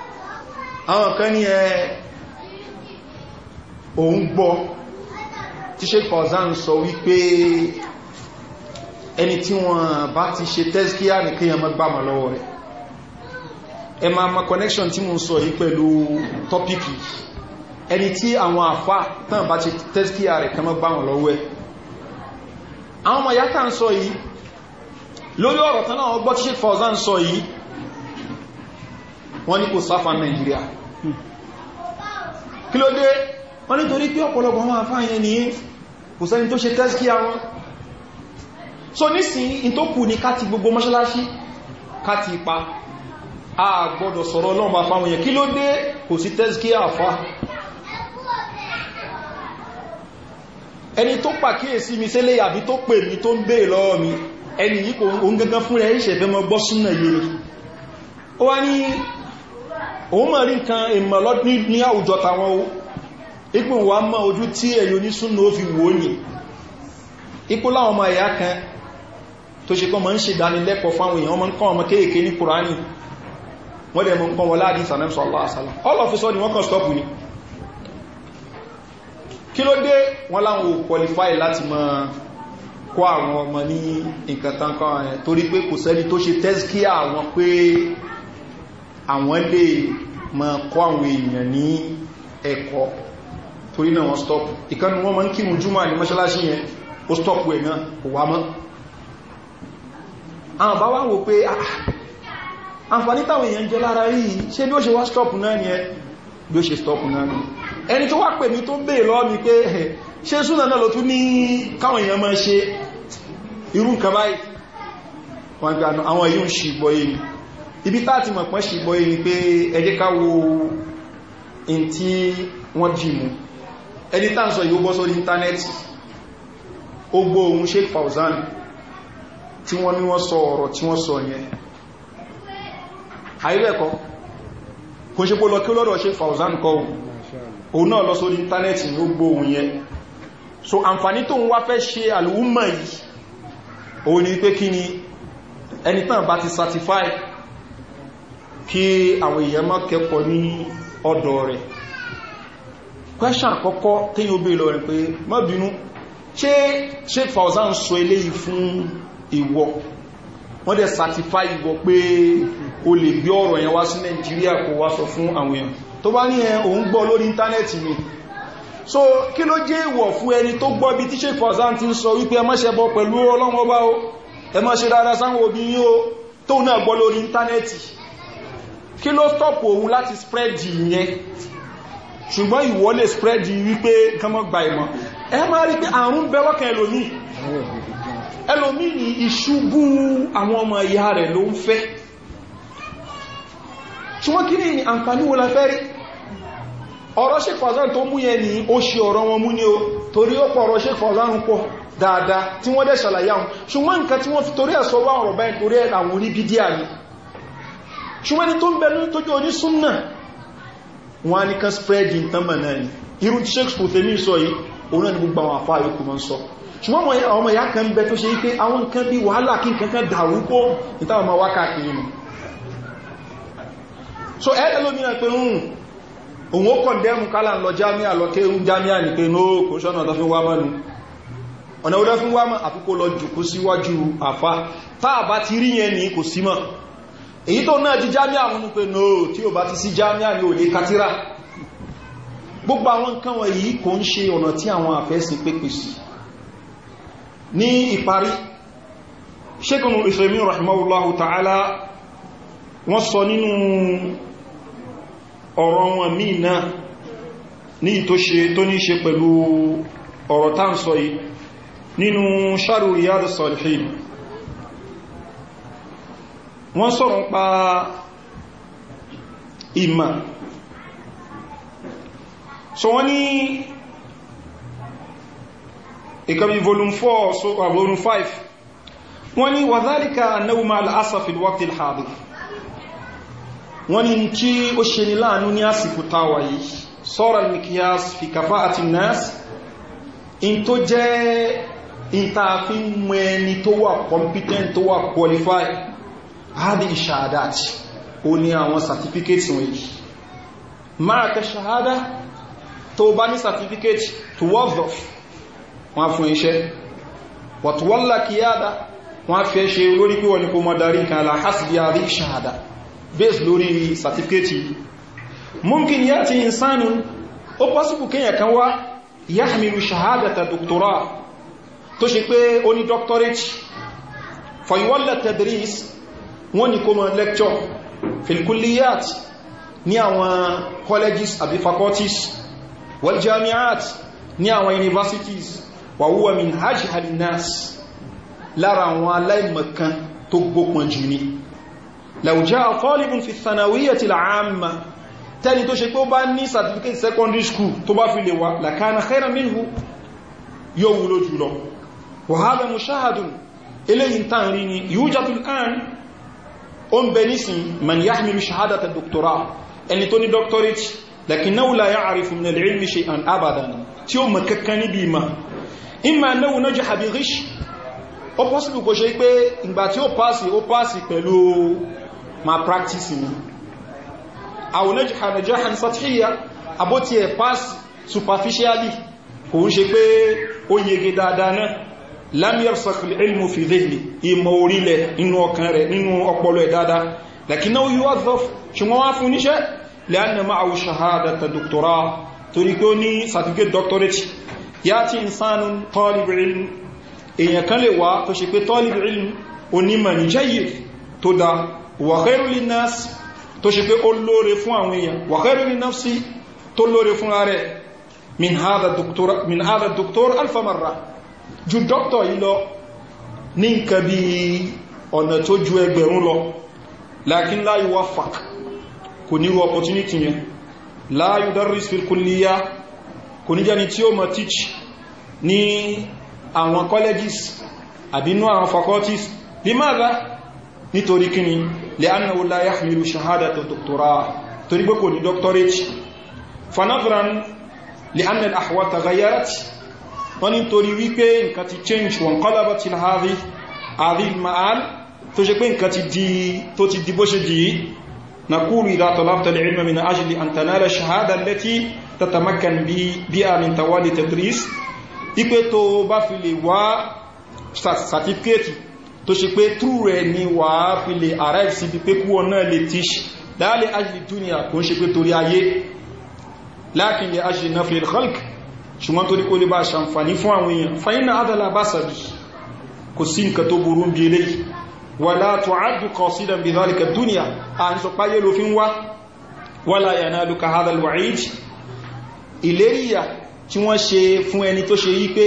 Speaker 1: àwọn kan ní ẹ òun gbọ́ tí ṣe kọ̀ọ̀zán sọ wípé ẹni tí wọ́n bá ti ṣe tẹ́síkíyà ní kíyàn mọ́ gbàmọ̀ lọ́wọ́ rẹ̀ ẹ ma ma connection tí mo sọ yìí pẹ̀lú tọ́pìkì ẹni tí àwọn àfá tán bá ṣe tẹ́síkíyà rẹ̀ kan mọ́ gbàmọ̀ lọ́wọ́ ẹ̀ àwọn ọmọ yátà ń sọ yìí lórí ọ̀rọ̀ tán náà ọgbọ́ tí ṣe kọ̀ọ̀zán sọ yìí wọ́n ní kò sáfà Nàìjíríà kí ló dé wọ́n ní torí pé ọ̀pọ̀lọpọ̀ wọn àfá yẹn ni kò sẹ́ni tó ṣe tẹ́sí àwọn so nísìn tó kù ní káti gbogbo mọ́ṣálásí káti ipa a gbọ́dọ̀ sọ̀rọ̀ ọlọ́run bá fáwọn yẹn kí ló dé kò sí tẹ́sí àfá ẹni tó pàkíyèsí mi sílé àbí tó pè mí tó ń béè lọ́wọ́ ó wá ní òun mọ̀ rí nǹkan ìmọ̀ lọ́dún ní àwùjọ tàwọn o ipò wà mọ́ ojú tí ẹ̀yọ ní súnà fi wò ní ipò láwọn ọmọ ẹ̀yà kan tó ṣe kọ́ mọ́ ń ṣe ìdánilẹ́kọ̀ọ́ fáwọn èèyàn ọmọ ń kọ́ ni kí ló dé wọ́n láwọn ò qualify láti mọ́ kọ́ àwọn ọmọ ní nǹkan àwọn lè ma kọ́ àwọn èèyàn ní ẹ̀kọ́ torí náà wọ́n stop ìkanu wọ́n ma ń kírun júmọ́ ní mọ́ṣálásí yẹn ó stop ẹ̀ náà kò wá mọ́ àwọn bá wá wò pé ah, ah, àǹfàní táwọn èèyàn jẹ lára rí ṣe bí ó ṣe wá stop náà ni ẹ bí ó ṣe stop náà ni ẹni tó wá pè mí tó bèè lọ́ mi pé eh, ṣe súnà náà ló tún ní káwọn èèyàn máa ṣe irú nǹkan báyìí wọ́n gbà àwọn èèyàn ṣì gbọ́ yìí ibi táti mọ̀ pọ́n ṣìgbọ́ yìí pé ẹjẹ́ ká wo in tí wọ́n jí mú ẹni tá ń sọ yìí ó bọ́ sórí íńtánẹ́ẹ̀tì ó gbọ́ ohun Sheikh Fauzan tí wọ́n ní wọ́n sọ ọ̀rọ̀ tí wọ́n sọ yẹn àìrẹ́kọ́ kò ṣe pó kí ó lọ́dọ̀ Sheikh Fauzan kọ́ òun náà lọ sórí íńtánẹ́ẹ̀tì ó gbọ́ ohun yẹn so àǹfààní tó ń wá fẹ́ ṣe àlùwúmọ̀ yìí òun ni pé kí ni ẹni tán bá ti certify kí àwọn èèyàn má kẹ́kọ̀ọ́ ní ọ̀dọ̀ rẹ̀ kwẹ́ṣàn àkọ́kọ́ tí yóò bèèrè lọ rẹ̀ pé má bínú ṣe ṣe fàúzá ń sọ eléyìí fún ìwọ wọ́n dẹ̀ certify ìwọ pé o lè gbé ọ̀rọ̀ yẹn wá sí Nàìjíríà kó wá sọ fún àwọn èèyàn tó bá ní ẹ òun gbọ́ lórí íńtánẹ́ẹ̀tì mi so kí ló jẹ́ ìwọ̀ fún ẹni tó gbọ́ bí tí ṣe fàúzá ti ń sọ wípé ẹ má ṣe pẹ̀lú Ọlọ́run Ọba o ẹ má ṣe dáadáa sáwọn òbí yín tóun náà gbọ́ lórí íńtánẹ́ẹ̀tì kí ló stọ́pù òun láti spreadi yẹn ṣùgbọ́n ìwọ lè spreadi wípé kánmọ́ gba ìmọ̀ ẹ máa rí pé àrùn bẹ lọ́kàn ẹlòmíì ni ìṣubú àwọn ọmọ ìyá rẹ̀ ló ń fẹ́ ṣùgbọ́n kí ní àǹfàní wo la fẹ́ rí ọ̀rọ̀ Sheikh Fawzan tó mú yẹn ní ó ṣe ọ̀rọ̀ wọn mú ní o torí ó pọ̀ ọ̀rọ̀ Sheikh Fawzan pọ̀ dáadáa tí wọ́n dẹ̀ ṣàlàyé àwọn ṣùgbọ́n nǹkan tí wọ́n fi torí ẹ̀sọ́ bá ọ̀rọ̀ báyìí torí ẹ̀ àwọn oníbídíà ni ṣùgbọ́n ni tó ń bẹ̀lú tójú oní súnnà wọ́n ní kan spread in tánbà náà ni irú tí sheikh fòtèmí sọ yìí òun náà ni gbogbo àwọn àfáà yóò mọ́ sọ ṣùgbọ́n ọmọ ìyá kan bẹ tó ṣe wípé àwọn nǹkan bí wàhálà kí nǹkan kan dàrú kó ìtàwọn ma so ẹ́ẹ̀lẹ́ lómìnà pé ń hmm, òun ó kọ̀ dẹ́mù kálà lọ jámíà lọ kéhù jámíà ní pé nóò kò ṣọ́nà tó fi wá mọ́nu ọ̀nà ó dá fi wá mọ́ èyí tó náà jí jámíà wọn pé no tí ó bá ti sí jámíà ní òlé katira gbogbo àwọn nǹkan wọ̀nyí kò ń ṣe ọ̀nà tí àwọn àfẹ́sìn pépè sí ní ìparí ṣékùnù ìfẹ̀mí rahimahullahu ta'ala wọ́n sọ nínú ọ̀rọ̀ wọn míì náà ní ìtòṣe tó ní ṣe pẹ̀lú ọ̀rọ̀ tá yìí nínú sharu riyadu salihin wọ́n sọ̀rọ̀ ń pa ìmà so wọ́n ní ìkàbí volume 4 so uh, volume 5 wọ́n ní wàzálíkà annáwó ma al'asafil waqtil hadir wọ́n ní tí ó ṣe ní láàánú ní àsìkò táwà yìí sọ́rọ̀ mikiyas fi kàfà àti nas in tó jẹ́ in ta tó wà competent tó wà qualified hadi ìṣàdát o ní àwọn certificate wọ̀nyí máa kẹ ṣàhádá tó bá ní certificate to wọ́zọ̀f wọ́n fún iṣẹ́ wàtúwọ́lá kíyádá wọ́n fi ṣe lórí pé wọ́n ni kó mọ́ darí nǹkan aláhásìdí àrí ìṣàhádá based lórí certificate yìí mumkin ya ti insanu ó pọ́sùkù kíyàn kan wá yahmilu ṣàhádàta doctoral tó ṣe pé ó ní doctorate fọ̀yíwọ́lá tedris wọ́n ní kó mọ́ lecture filkuliyat ní àwọn colleges àbí faculties wal jamiat ní àwọn universities wà wúwa min hajj halinas lára àwọn aláìmọ̀kan tó gbópọn jù ní lẹ́wùjá ọ̀tọ́lìbùn fi sanawiyyà ti láàmà tẹ́ni tó ṣe pé ó bá ní certificate secondary school tó bá fi lè wà làkánà khaira minhu yóò wúlò jùlọ wàhálà mushahadun eléyìn tàn rí ni yíó jàtùl án ó ń bẹ nísìn man yahmilu shahadata doctora ẹni tó ní doctorate lakinahu la ya'rifu min al-ilmi shay'an abadan tí ó mọ̀ kankan níbi ìmọ̀ imma annahu najaha bi ghish ó pọ́sìlù kò ṣe pé ìgbà tí ó pàásì ó pàásì pẹ̀lú ma practice ni àwọn najaha najahan sathiya abóti ẹ̀ pàásì superficially kò ń ṣe pé ó yege dáadáa náà lam yarsak ilmu fi dhihni ìmọ̀ orílẹ̀ nínú ọkàn rẹ̀ nínú ọpọlọ ẹ̀ dáadáa lakin náà yíwá zọf ṣùgbọ́n wá fún níṣẹ́ lẹ́nà máa wù ṣahadata doktora torí pé ó ní certificate doctorate yá tí ìsánú tọ́lìbì ilmu èèyàn kan lè wá tó ṣe pé tọ́lìbì ilmu onímọ̀ níṣẹ́yì tó da wàkẹ́rù linas tó ṣe pé ó lóore fún àwọn èèyàn wàkẹ́rù linafsi tó lóore fún ààrẹ min hada doktor alfamarra ju dọ́kítọ̀ yìí lọ ní nǹkan bí ọ̀nà tó ju ẹgbẹ̀rún lọ lakin láyé wá fàk kò ní rú opportunity yẹn láyé darris fil kulliya kò ní jẹ́ni tí ó mọ̀ teach ní àwọn colleges àbínú àwọn faculties limadha nítorí kíni lè annáwó láyé àmìlú shahada tó dọ̀tọ̀rá torí pé kò ní doctorate fanadran lè annal ahwa tagayyarat wọ́n ní torí wípé nǹkan ti change wọn kọ́lábọ̀ ti láàrí àríl ma'al tó ṣe pé nǹkan ti di tó ti di bó ṣe di na kúrù ìdátọ̀ láftàlẹ̀ ilmọ̀ min ajili an tanala lẹ́tí tatamakkan bí a min tawali tedris ipé tó bá fi lè wá sàtífíkẹ́tì tó ṣe pé trú rẹ̀ ni wà á fi lè arrive sí pé kú ọ̀nà lè tíṣ láàlẹ̀ ajili dúnìyà kò ń ṣe pé torí ayé lákin ajili na fi khalq ṣùgbọ́n torí kó lè bá ṣàǹfàní fún àwọn èèyàn fàyínà adala bá sàbí kò sí nǹkan tó burú bí ilé wàlá tó àdù kan sí ìdàmbì ìdálìkà dúnìyà a ń sọ páyé ló fi ń wá wàlá yà náà lùkà hadal wa'id ìléríyà tí wọ́n ṣe fún ẹni tó ṣe yí pé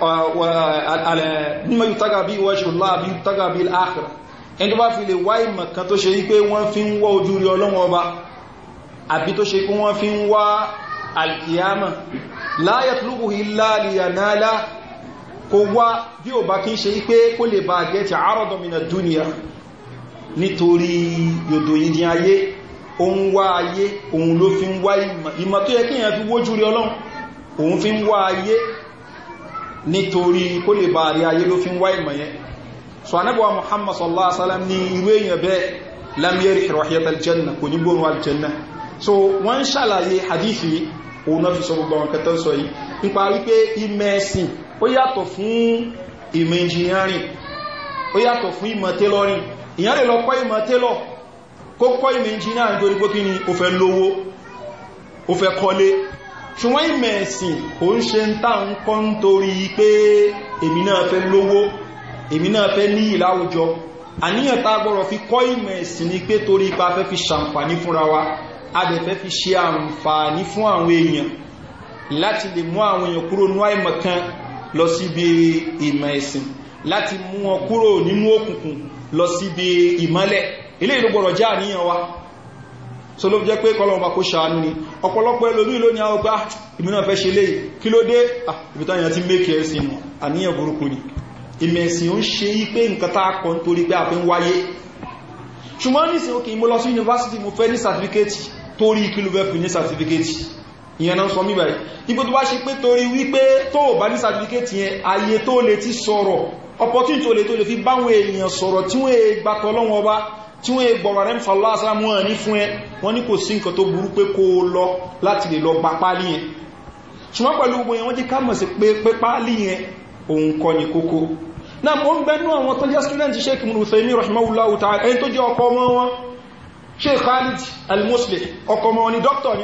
Speaker 1: mímọ̀ yóò tágà bí wọ́ṣùlá bí tágà bí àkìrà ẹni tó bá fi lè wá ìmọ̀ kan tó ṣe wípé wọ́n fi ń wọ́ ojú rí ọlọ́wọ́ ọba àbí tó ṣe pé wọ́n fi ń wá alkiyama láyàtúlùkù ìlàlìyànálá kò wá bí ò bá kí ń ṣe wípé kó lè bá gẹ́ẹ̀tì àárọ̀dọ̀mìnà dúnìyà nítorí yòdò yìí òun fi ń wá ayé nítorí kó lè bá rí ayé ló fi ń wá ìmọ̀ yẹn so anábọ̀wà muhammad sallallahu alaihi wasallam ní irú èyàn bẹ́ẹ̀ lamiyari rohiyat aljanna kò ní gbónú aljanna so wọ́n ń ṣàlàyé hadithi òun náà fi sọ gbogbo àwọn kẹta sọ yìí nípa wípé ìmọ̀ ẹ̀sìn ó yàtọ̀ fún ìmọ̀ engineering ó yàtọ̀ fún ìmọ̀ tailoring ìyàn lè lọ kọ́ ìmọ̀ tailor kó kọ́ ìmọ̀ engineering torí kí ni ó fẹ́ lówó ó fẹ́ kọ́lé ṣùgbọ́n ìmẹ̀ ẹ̀sìn ò ń ṣe ń tà ń kọ́ ń torí pé èmi náà fẹ́ lówó èmi náà fẹ́ ní ìláwùjọ àníyàn tá gbọ́rọ̀ fi kọ́ ìmẹ̀ ẹ̀sìn ni pé torí ipa fẹ́ fi ṣàǹfààní fúnra wa adẹ̀fẹ́ fi ṣe àǹfààní fún àwọn èèyàn láti lè mú àwọn èèyàn kúrò nú àìmọ̀ kan lọ síbi ìmẹ̀ ẹ̀sìn láti mú wọn kúrò nínú òkùnkùn lọ síbi ìmọ́lẹ̀ ilé ìlú gbọ́rọ̀ jẹ́ àníyàn wa so ló jẹ́ pé kọlọ̀ọ̀bá kó ṣàánú ni ọ̀pọ̀lọpọ̀ ẹlòmí ló ní àwọ̀gbá ah, ah, ìmìnà fẹ́ ṣe lè kí ló dé ìbìtàyàn ah, ni ìmẹ̀sìn ó ń ṣe pé nǹkan tá a kọ́ nítorí pé a fi ń wáyé ṣùgbọ́n nísìn òkè mo lọ sí yunifásitì mo fẹ́ ní sàtífíkẹ́tì torí kí ló fẹ́ fi ní sàtífíkẹ́tì ìyẹn náà sọ míbàá ipò tó bá ṣe pé torí wípé tó ò bá ní sàtífíkẹ́tì yẹn ayé tó lè ti sọ̀rọ̀ opportunity tó lè tó lè fi báwọn èèyàn sọ̀rọ̀ tí wọ́n e gbàtọ̀ lọ́wọ́ ọba tí wọ́n gbọ̀rọ̀ rẹ̀ sọ̀lọ́ àsìlámù wọn ní fún ẹ wọ́n ní kò sí nǹkan tó burú pé kó lọ láti lè lọ gba páálí yẹn ṣùgbọ́n pẹ̀lú gbogbo yẹn wọ́n jẹ́ ká sí pé páálí yẹn òun kọ́ ni kókó náà mo ń bẹnu àwọn tó jẹ́ student sheik mulusaini rahimahullahu ta'ala ẹni tó jẹ́ ọkọ khalid al-muslim ọkọ ọmọ wọn ni doctor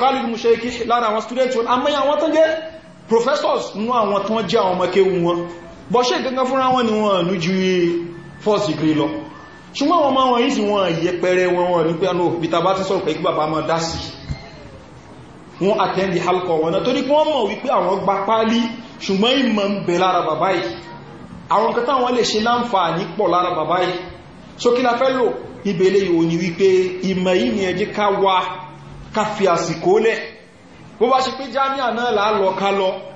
Speaker 1: khalid mushaiki lára àwọn student professors nú àwọn tó jẹ́ bọ̀ ṣe gangan fúnra wọn ni wọ́n ní ju first degree lọ ṣùgbọ́n wọn máa wọ́n yìí sí wọn yẹpẹrẹ wọn wọn ní pé ọ̀nà òpìta bá ti sọ̀rọ̀ pé kí bàbá máa dá sí wọn àtẹ́ndì halkọ̀ wọn náà torí pé wọ́n mọ̀ wípé àwọn gba pálí ṣùgbọ́n ìmọ̀ ń bẹ lára bàbá yìí àwọn kan táwọn lè ṣe láǹfààní pọ̀ lára bàbá yìí so kí la fẹ́ lò ìbèlè yòó ni wípé ìmọ̀ yìí ni ẹjẹ́ ká wa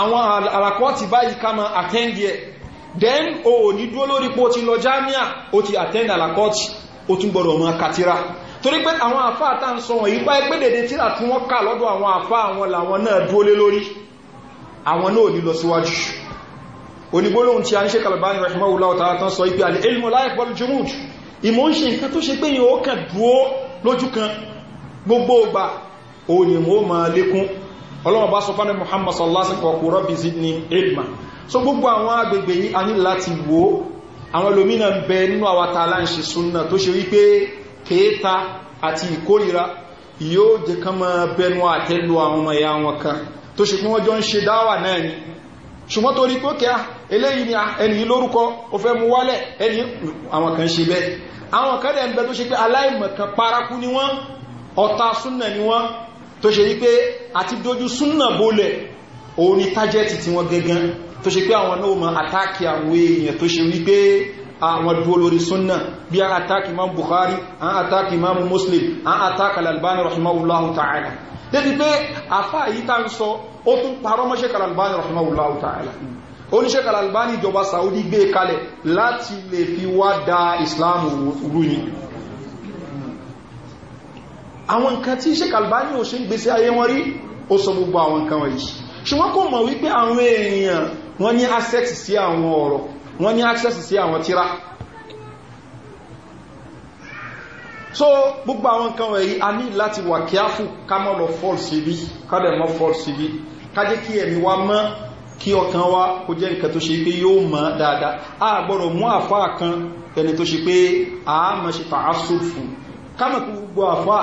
Speaker 1: àwọn àràkọ́ ti báyìí ká máa attend yẹ then o ò ní dúó lórí pé o ti lọ jámíà o ti attend àràkọ́ ti o tún gbọ́dọ̀ mọ́ kàtírà torí pé àwọn àfá àtà ń sọ wọ̀n yí pa ẹgbẹ́ dèdè tíra tí wọ́n kà lọ́dọ̀ àwọn àfá àwọn làwọn náà dúó lé lórí àwọn náà ní lọ onígbólóhun tí a ń ṣe kalabani rahimahullah ta'ala tán sọ ipi alẹ́ elmo láyẹ̀ pọ̀lú jùmùd ìmọ̀ ń ṣe nǹkan tó ṣe pé yìí ó kàn dúó lójú kan gbogbo ọgbà òní mo máa lékún ọlọ́wọ́ bá sọ fánà muhammad sallásìkò ọkùnrọ̀ bí sí ní ilma so gbogbo àwọn agbègbè yìí a ní láti wo àwọn lomina ń bẹ nínú àwata aláìṣe súnà tó ṣe wípé kéta àti ìkórira yóò jẹ kán mọ́ bẹnu àtẹ́lú àwọn ọmọ ya wọn kan tó ṣe kí wọ́n jọ ń ṣe dáwà náà ni ṣùgbọ́n tó ṣe wípé àti dojú súnnà bólẹ̀ òun ni tájẹ́tì tí wọ́n gẹ́gán tó ṣe pé àwọn náà ma àtàkì àwọn èèyàn tó ṣe wípé àwọn dúó lórí súnnà bí a àtàkì imam bukhari a àtàkì imam muslim a àtàkì alalbani rahimahullahu ta'ala débi pé àfá yìí tá ń sọ ó tún parọ́ mọ́ Sheikh alalbani rahimahullahu ta'ala saudi gbé kalẹ̀ láti lè fi àwọn nǹkan tí Sheikh Albani ò ṣe ń gbèsè ayé wọn rí ó sọ gbogbo àwọn nǹkan wọ̀nyí ṣùgbọ́n kò mọ̀ wípé àwọn èèyàn wọ́n ní access sí àwọn ọ̀rọ̀ wọ́n ní access sí àwọn tírà so gbogbo àwọn nǹkan wọ̀nyí a ní láti wà kíáfù ká mọ́ lọ fall síbí ká dẹ̀ mọ́ fall síbí ká jẹ́ kí ẹ̀mí wa mọ́ kí ọkàn wa kó jẹ́ nǹkan tó ṣe pé yóò mọ́ dáadáa a gbọ́dọ̀ mú àfáà kan ẹni tó ṣe pé a mọ́ ṣe fàásù fún ká gbogbo àfáà